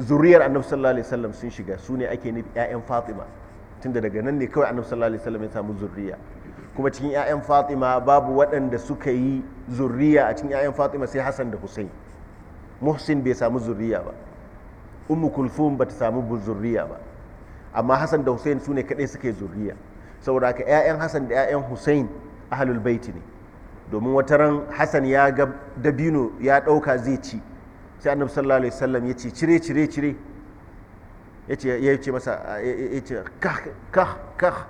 zuriyar annabi sallallahu alaihi wasallam sun shiga su ne ake nufi ƴaƴan fatima tunda daga nan ne kawai annabi sallallahu alaihi wasallam ya samu zuriya kuma cikin 'ya'yan fatima babu waɗanda suka yi zurriya a cikin 'ya'yan fatima sai hassan da hussein muhsin bai samu zurriya ba ummu kulfum ba ta samu zurriya ba amma hassan da hussein su ne kaɗai suka yi zurriya saboda ka 'ya'yan hassan da 'ya'yan hussein ahalul baiti ne domin wata ran hassan ya ga dabino ya ɗauka zai ci sai annabi sallallahu alaihi wasallam ya ce cire cire cire ya ce masa ya ce kah kah kah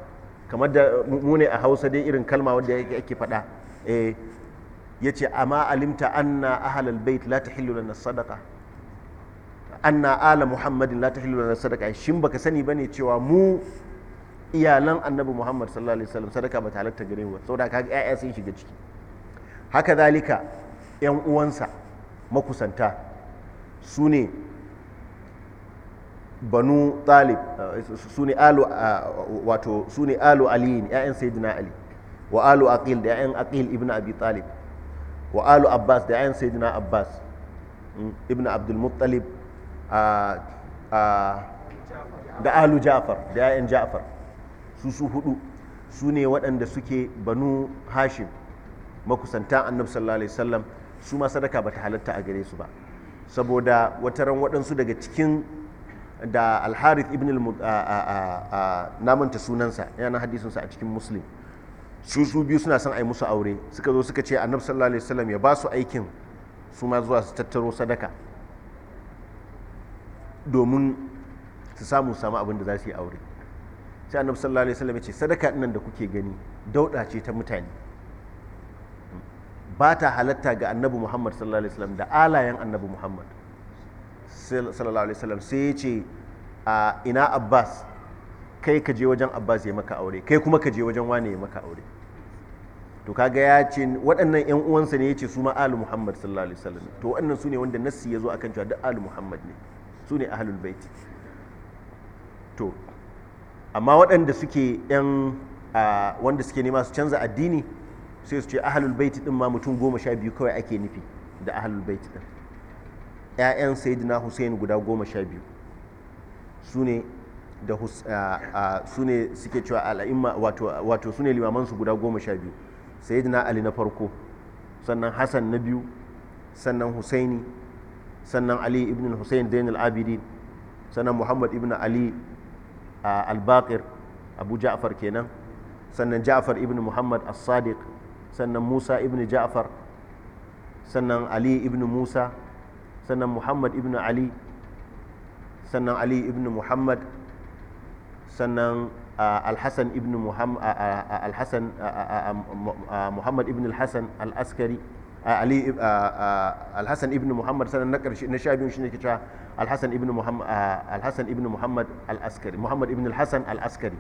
kamar da mu ne a hausa dai irin kalma wanda ake faɗa eh, ya ce amma alimta anna ahalal bait la na lana an anna ala muhammadin la na lana sadaqa shin baka sani bane cewa mu iyalan annabi muhammad sallallahu alaihi wasallam sadaka ba ta halatta gare mu saboda ga ƴaƴa sun shiga ciki haka zalika ƴan uwansa makusanta su ne banu talib eh, su ne alu eh, wato su ne alu aliyin ya'yan sayyidina ali wa alu aqil da ya'yan aqil ibn abi talib wa alu abbas da ya'yan sayyidina abbas hmm, ibn abdul muttalib ah, ah, da alu ja'far da ya'yan ja'far su su hudu su ne waɗanda suke banu hashim makusanta annabi sallallahu alaihi wasallam su ma sadaka bata halatta a gare su ba saboda wataran waɗansu daga cikin da alharith ibn namanta sunansa yana hadisinsa a cikin muslim su su biyu suna son a yi musu aure suka zo suka ce annabi sallallahu alaihi wasallam ya ba su aikin su ma zuwa su tattaro sadaka domin su samu samu abin da za su yi aure sai annabi sallallahu alaihi wasallam ya ce sadaka nan da kuke gani dauɗa ce ta mutane ba ta halatta ga annabi muhammad sallallahu alaihi wasallam da alayen annabi muhammad sallallahu alaihi wasallam sai ya ce a ina abbas kai ka je wajen abbas ya maka aure kai kuma ka je wajen wane ya maka aure to kaga ya ce waɗannan yan uwansa ne ya ce su ma alu muhammad sallallahu alaihi wasallam to waɗannan su ne wanda nassi ya zo akan cewa duk alu muhammad ne su ne ahlul baiti to amma waɗanda suke yan wanda suke nema su canza addini sai su ce ahlul baiti din ma mutum goma sha biyu kawai ake nufi da ahlul baiti din 'ya'yan Saidina hussein guda goma sha biyu su ne da su ne suke cewa al'imma wato su ne limamansu guda goma sha biyu Saidina ali na farko sannan hassan na biyu sannan husaini sannan ali ibn hussein da yanar abidin sannan muhammad ibn ali al-baqir abu ja'far kenan sannan ja'far ibn muhammad as-sadiq sannan musa ibn ja'far sannan ali ibn musa sannan muhammad ibn ali sannan ali ibn muhammad sannan alhassan ibn muhammad ibn alhassan al-askari ali alhassan ibn muhammad sannan na karshe na sha biyu ne ke cewa alhassan ibn muhammad ibn muhammad al-askari muhammad ibn alhassan al-askari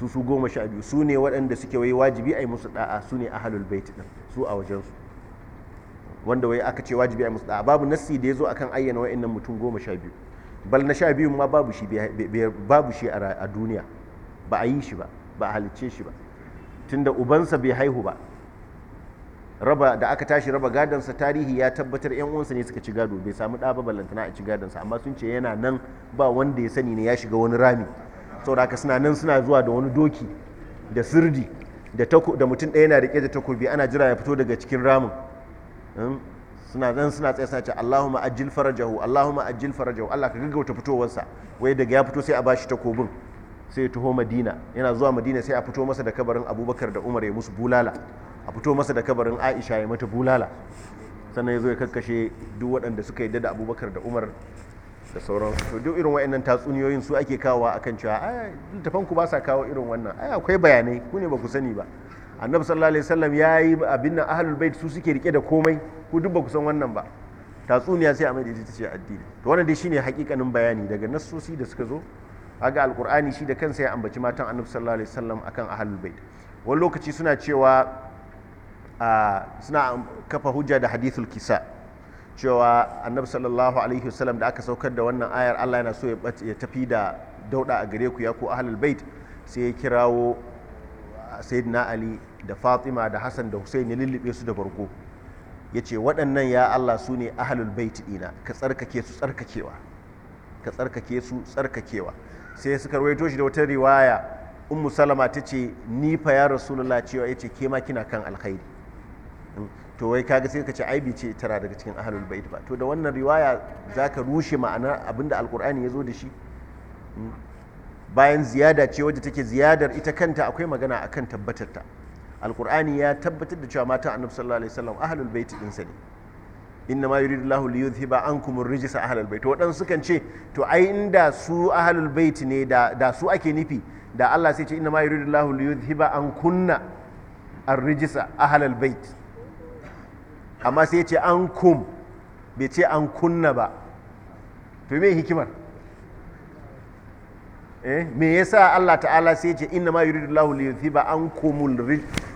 su su goma sha biyu su ne waɗanda suke wai wajibi a yi musu da'a su ne ahlul bait din su a wajensu wanda wai aka ce wajibi a musu da'a babu nassi da ya zo akan ayyana wa'annan mutum goma sha biyu bal na sha biyu ma babu shi a duniya ba a yi shi ba ba a halicce shi ba tunda ubansa bai haihu ba raba da aka tashi raba gadansa tarihi ya tabbatar yan uwansa ne suka ci gado bai samu da ba ballantana a ci gadansa amma sun ce yana nan ba wanda ya sani ne ya shiga wani rami saboda haka suna nan suna zuwa da wani doki da sirdi da mutum ɗaya yana riƙe da takobi ana jira ya fito daga cikin ramin suna zan suna tsaye suna ce Allahumma ajil farajahu Allahumma ajil farajahu Allah ka gaggauta fitowarsa wai daga ya fito sai a bashi takobin sai ya taho Madina yana zuwa Madina sai a fito masa da kabarin Abubakar da Umar ya musu bulala a fito masa da kabarin Aisha ya mata bulala sannan ya zo ya kakkashe duk waɗanda suka yadda da Abubakar da Umar da sauran to duk irin waɗannan tatsuniyoyin su ake kawowa akan cewa ai tafan ku ba sa kawo irin wannan ai akwai bayanai ku ne ba ku sani ba annabi sallallahu alaihi wasallam ya yi abin nan ahlul bait su suke rike da komai ku duk ba ku san wannan ba tatsuniya sai a mai da ita ce addini to wannan dai shine hakikanin bayani daga nassosi da suka zo aga alqur'ani shi da kansa ya ambaci matan annabi sallallahu alaihi wasallam akan ahlul bait wani lokaci suna cewa suna kafa hujja da hadithul kisa cewa annabi sallallahu alaihi wasallam da aka saukar da wannan ayar Allah yana so ya tafi da dauda a gare ku ya ku ahlul bait sai ya kirawo sayyidina ali da fatima da hassan da hussein ya lullube su da bargo ya ce waɗannan ya allah su ne ahalul bait ɗina ka tsarkake su tsarkakewa ka tsarkake su tsarkakewa sai suka rawaito shi da wata riwaya ummu salama ta ce ni fa ya rasulullah cewa ya ce ke ma kina kan alkhairi hmm. to wai kaga sai ka ce aibi ce tara daga cikin ahalul bait ba to da wannan riwaya zaka rushe ma'ana abinda alkur'ani ya zo da shi hmm. bayan ziyada ce wadda take ziyadar ita kanta akwai magana akan tabbatar ta alkur'ani ya tabbatar da cewa matan annabi sallallahu alaihi wasallam ahlul baiti dinsa ne inna ma yuridu Allahu li yudhhiba ankum ar-rijsa ahlul bait wadan sukan ce to ai inda su ahlul bait ne da da su ake nufi da Allah sai ce inna ma yuridu Allahu li yudhhiba an kunna ar-rijsa ahlul bait amma sai ce an kum bai ce an kunna ba to me hikimar eh me yasa Allah ta'ala sai ce inna ma yuridullahu li yuthiba ankumul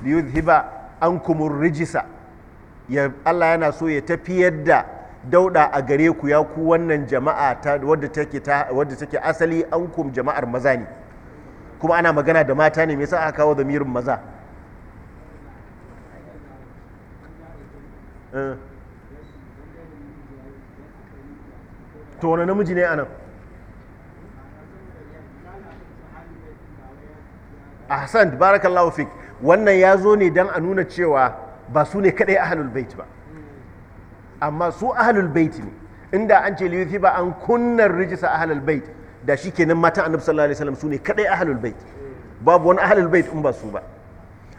li yuthiba ankumur Allah yana so ya tafiyar da dauda a gare ku ya ku wannan jama'a wadda take ta wadda take asali ankum jama'ar maza ne kuma ana magana da mata ne me yasa aka kawo zamirin maza eh. to wani namiji ne anan ahsan barakallahu fik wannan ya zo ne don a nuna cewa ba su ne kadai ahalul bait ba amma su ahalul bait ne inda an ce liyuthi ba an kunna rijisa ahalul bait da shi kenan matan annabi sallallahu alaihi wasallam su ne kadai ahalul bait babu wani ahalul bait in ba su ba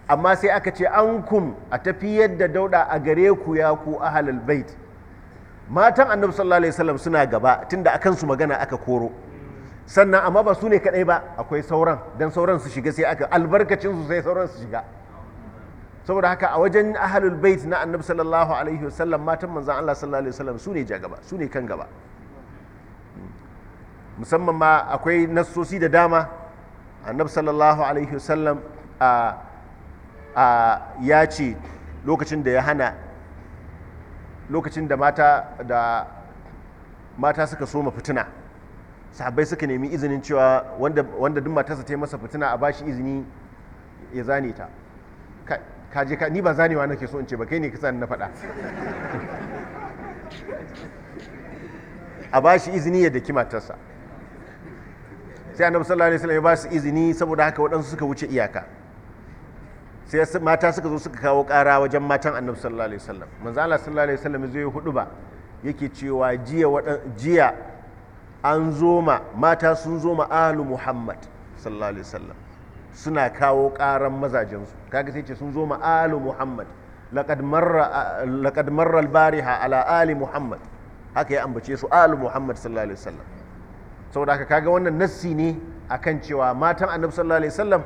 amma sai aka ce an kum a tafi yadda dauda a gare ku ya ku ahalul bait matan annabi sallallahu alaihi wasallam suna gaba tunda akan su magana aka koro sannan amma ba su ne kadai ba akwai sauran don sauran su shiga sai aka albarkacin su sai sauran su shiga saboda haka a wajen ahalul bait na annabi sallallahu alaihi wasallam matan manzan Allah sallallahu alaihi wasallam su ne ja gaba su ne kan gaba musamman ma akwai nassosi da dama annabi sallallahu alaihi wasallam ya ce lokacin da ya hana lokacin da mata da mata suka soma fitina sahabbai suka nemi izinin cewa wanda wanda duk matarsa ta yi masa fitina a bashi izini ya zane ta ka je ka ni ba zanewa nake so in ce ba kai ne kasa na faɗa a bashi izini ya daki matarsa sai annabi sallallahu alaihi wasallam ya ba su izini saboda haka waɗansu suka wuce iyaka sai mata suka zo suka kawo ƙara wajen matan annabi sallallahu alaihi wasallam manzo Allah sallallahu alaihi wasallam zai hudu ba yake cewa jiya jiya an zoma mata sun zoma ahlu muhammad sallallahu alaihi wasallam suna kawo karan mazajensu kaga sai ce sun zoma ahlu muhammad laqad marra laqad marra al-bariha ala ali muhammad haka ya ambace su ahlu muhammad sallallahu alaihi wasallam saboda haka kaga wannan nassi ne akan cewa matan annabi sallallahu alaihi wasallam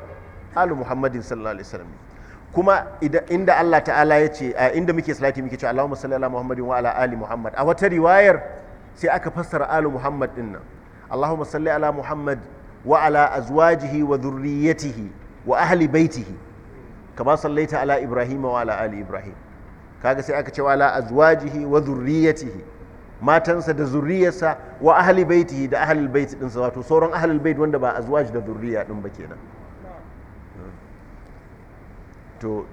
ahlu muhammadin sallallahu alaihi wasallam kuma inda Allah ta'ala ya ce inda muke salati muke cewa Allahumma salli ala muhammadin wa ala ali muhammad a wata riwayar sai aka fassara alu muhammad din nan allahumma salli ala muhammad wa ala azwajihi wa zurriyatihi wa ahli baitihi kama sallaita ala ibrahim wa ala ali ibrahim kaga sai aka ce wa ala azwajihi wa dhurriyyatihi matansa da zurriyarsa wa ahli baitihi da ahli bait din wato sauran ahli bait wanda ba azwaj da zurriya din ba kenan to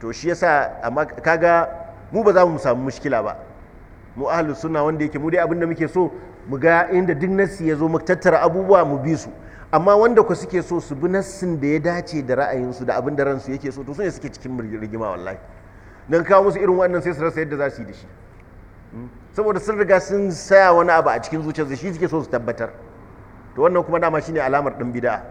to shi yasa amma kaga mu ba za mu samu mushkila ba mu ahlus suna wanda yake mu dai da muke so mu ga inda duk nassi ya zo mu tattara abubuwa mu bi su amma wanda ku suke so su bi nassin da ya dace da ra'ayinsu da abin da ransu yake so to sune suke cikin rigima wallahi dan kawo musu irin wannan sai su rasa yadda za su yi da shi hmm? saboda sun riga sun saya wani abu a cikin zuciyarsu shi suke so su tabbatar to wannan kuma dama shine alamar din bid'a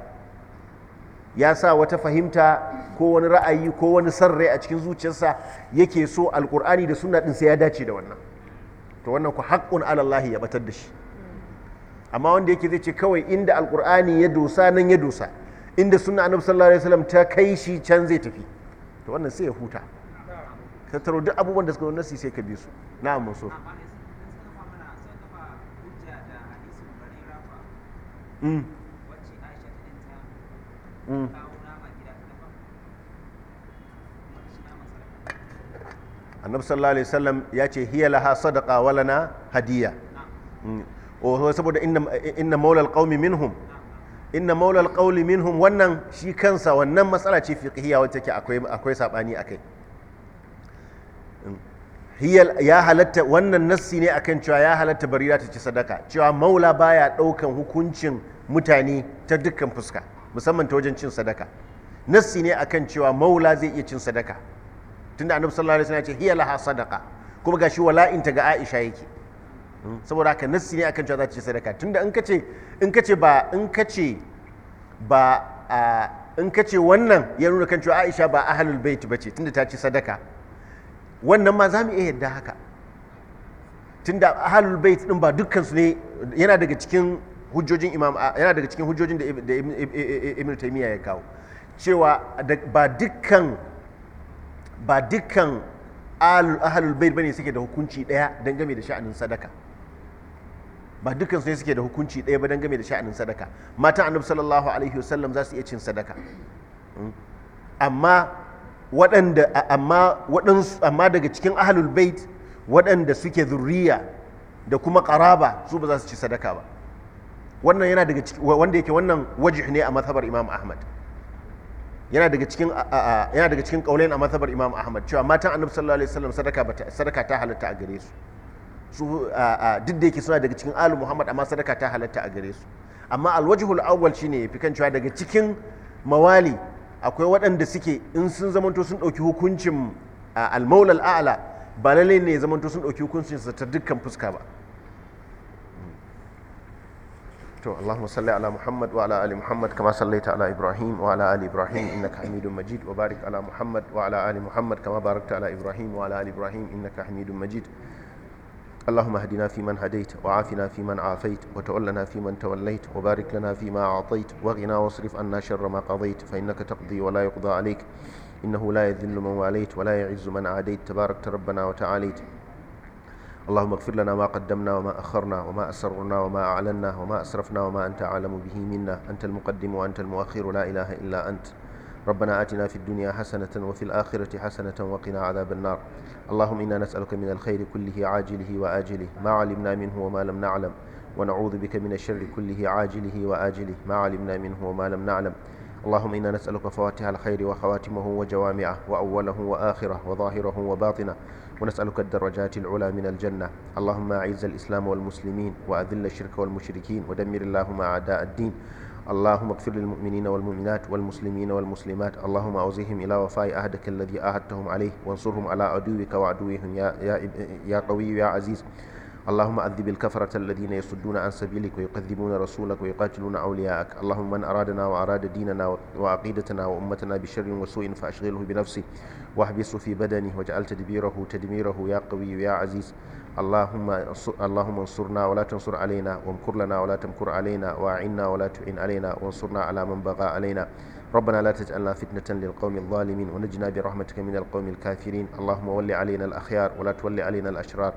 ya sa wata fahimta ko wani ra'ayi ko wani sarrai a cikin zuciyarsa yake so alkur'ani da sunna din sai ya dace da wannan to wannan ku haƙƙun alallahi ya batar da shi amma wanda yake zai ce kawai inda alkur'ani ya dosa nan ya dosa inda sunna annabi sallallahu alaihi wasallam ta kai shi can zai tafi to wannan sai ya huta ka taro duk abubuwan da suka wannan sai ka bi su na'am mansur so. Mm. annabi sallallahu alaihi wasallam ya ce hiya laha sadaqa lana hadiya mm. saboda inna maulal alqaumi minhum inna maulal alqauli minhum wannan shi kansa wannan matsala ce fiqhiya wacce take akwai akwai sabani akai mm. hiya ya halatta wannan nassi ne akan cewa ya halatta barira ta ci sadaka cewa maula baya daukan hukuncin mutane ta dukkan fuska musamman ta wajen cin sadaka nassi ne akan cewa maula zai iya cin sadaka tunda annabi sallallahu alaihi wasallam ya ce hiya laha sadaqa kuma gashi wala'inta ga Aisha yake hmm? saboda haka nassi ne akan cewa za ta ce sadaka tunda in kace in kace ba in kace ba in kace wannan ya nuna kan cewa Aisha ba ahlul bait bace tunda ta ce sadaka wannan ma za mu iya yadda haka tunda ahlul bait din ba dukkan su ne yana daga cikin hujjojin imam yana daga cikin hujjojin da ibn taymiya ya kawo cewa ba dukkan ba dukkan ahalul bait bane suke da hukunci daya game da sha'anin sadaka ba dukkan sai suke da hukunci daya ba game da sha'anin sadaka matan annabi sallallahu alaihi wasallam za su iya cin sadaka hmm? amma waɗanda amma waɗansu amma daga cikin ahalul bait waɗanda suke zurriya da kuma ƙaraba su ba za su ci sadaka ba wannan yana daga wanda yake wannan wajih ne a mazhabar imam ahmad yana daga cikin yana daga cikin a mazhabar Imam Ahmad cewa matan Annabi sallallahu alaihi wasallam sadaka bata sadaka ta halatta a gare su su duk da yake suna daga cikin alu Muhammad amma sadaka ta halatta a gare su amma alwajhul awwal shine yafi kan cewa daga cikin mawali akwai waɗanda suke in sun zamanto sun ɗauki hukuncin almaulal ala ba lalle ne zamanto sun ɗauki hukuncin sa ta dukkan fuska ba to Allahumma salli ala Muhammad wa ala ali Muhammad kama sallaita ala Ibrahim wa ala ali Ibrahim innaka hamidun Majid wa barik ala Muhammad wa ala ali Muhammad kama barakta ala Ibrahim wa ala ali Ibrahim innaka hamidun Majid اللهم اهدنا فيمن هديت وعافنا فيمن عافيت وتولنا فيمن توليت وبارك لنا فيما أعطيت وغنا واصرف عنا شر ما قضيت فإنك تقضي ولا يقضى عليك إنه لا يذل من واليت ولا يعز من عاديت تبارك ربنا وتعاليت اللهم اغفر لنا ما قدمنا وما أخرنا وما أسررنا وما أعلنا وما أسرفنا وما أنت أعلم به منا أنت المقدم وأنت المؤخر لا إله إلا أنت ربنا آتنا في الدنيا حسنة وفي الآخرة حسنة وقنا عذاب النار اللهم إنا نسألك من الخير كله عاجله وآجله ما علمنا منه وما لم نعلم ونعوذ بك من الشر كله عاجله وآجله ما علمنا منه وما لم نعلم اللهم إنا نسألك فواتح الخير وخواتمه وجوامعه وأوله وآخره وظاهره وباطنه ونسألك الدرجات العلى من الجنة اللهم أعز الإسلام والمسلمين وأذل الشرك والمشركين ودمر اللهم أعداء الدين اللهم اغفر للمؤمنين والمؤمنات والمسلمين والمسلمات اللهم أوزهم إلى وفاء أهدك الذي أهدتهم عليه وانصرهم على عدوك وعدوهم يا, يا, يا قوي يا عزيز اللهم أذب الكفرة الذين يصدون عن سبيلك ويقذبون رسولك ويقاتلون أولياءك اللهم من أرادنا وأراد ديننا وعقيدتنا وأمتنا بشر وسوء فأشغله بنفسه واحبسه في بدنه واجعل تدبيره تدميره يا قوي يا عزيز اللهم اللهم انصرنا ولا تنصر علينا وامكر لنا ولا تمكر علينا واعنا ولا تعن علينا وانصرنا على من بغى علينا ربنا لا تجعلنا فتنة للقوم الظالمين ونجنا برحمتك من القوم الكافرين اللهم ول علينا الأخيار ولا تول علينا الأشرار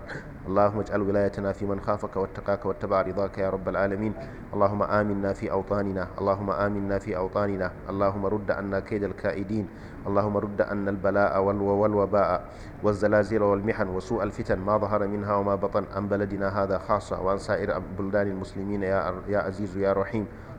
اللهم اجعل ولايتنا في من خافك واتقاك واتبع رضاك يا رب العالمين اللهم آمنا في أوطاننا اللهم آمنا في أوطاننا اللهم رد عنا كيد الكائدين اللهم رد عنا البلاء والوباء والزلازل والمحن وسوء الفتن ما ظهر منها وما بطن عن بلدنا هذا خاصة وعن سائر بلدان المسلمين يا عزيز يا رحيم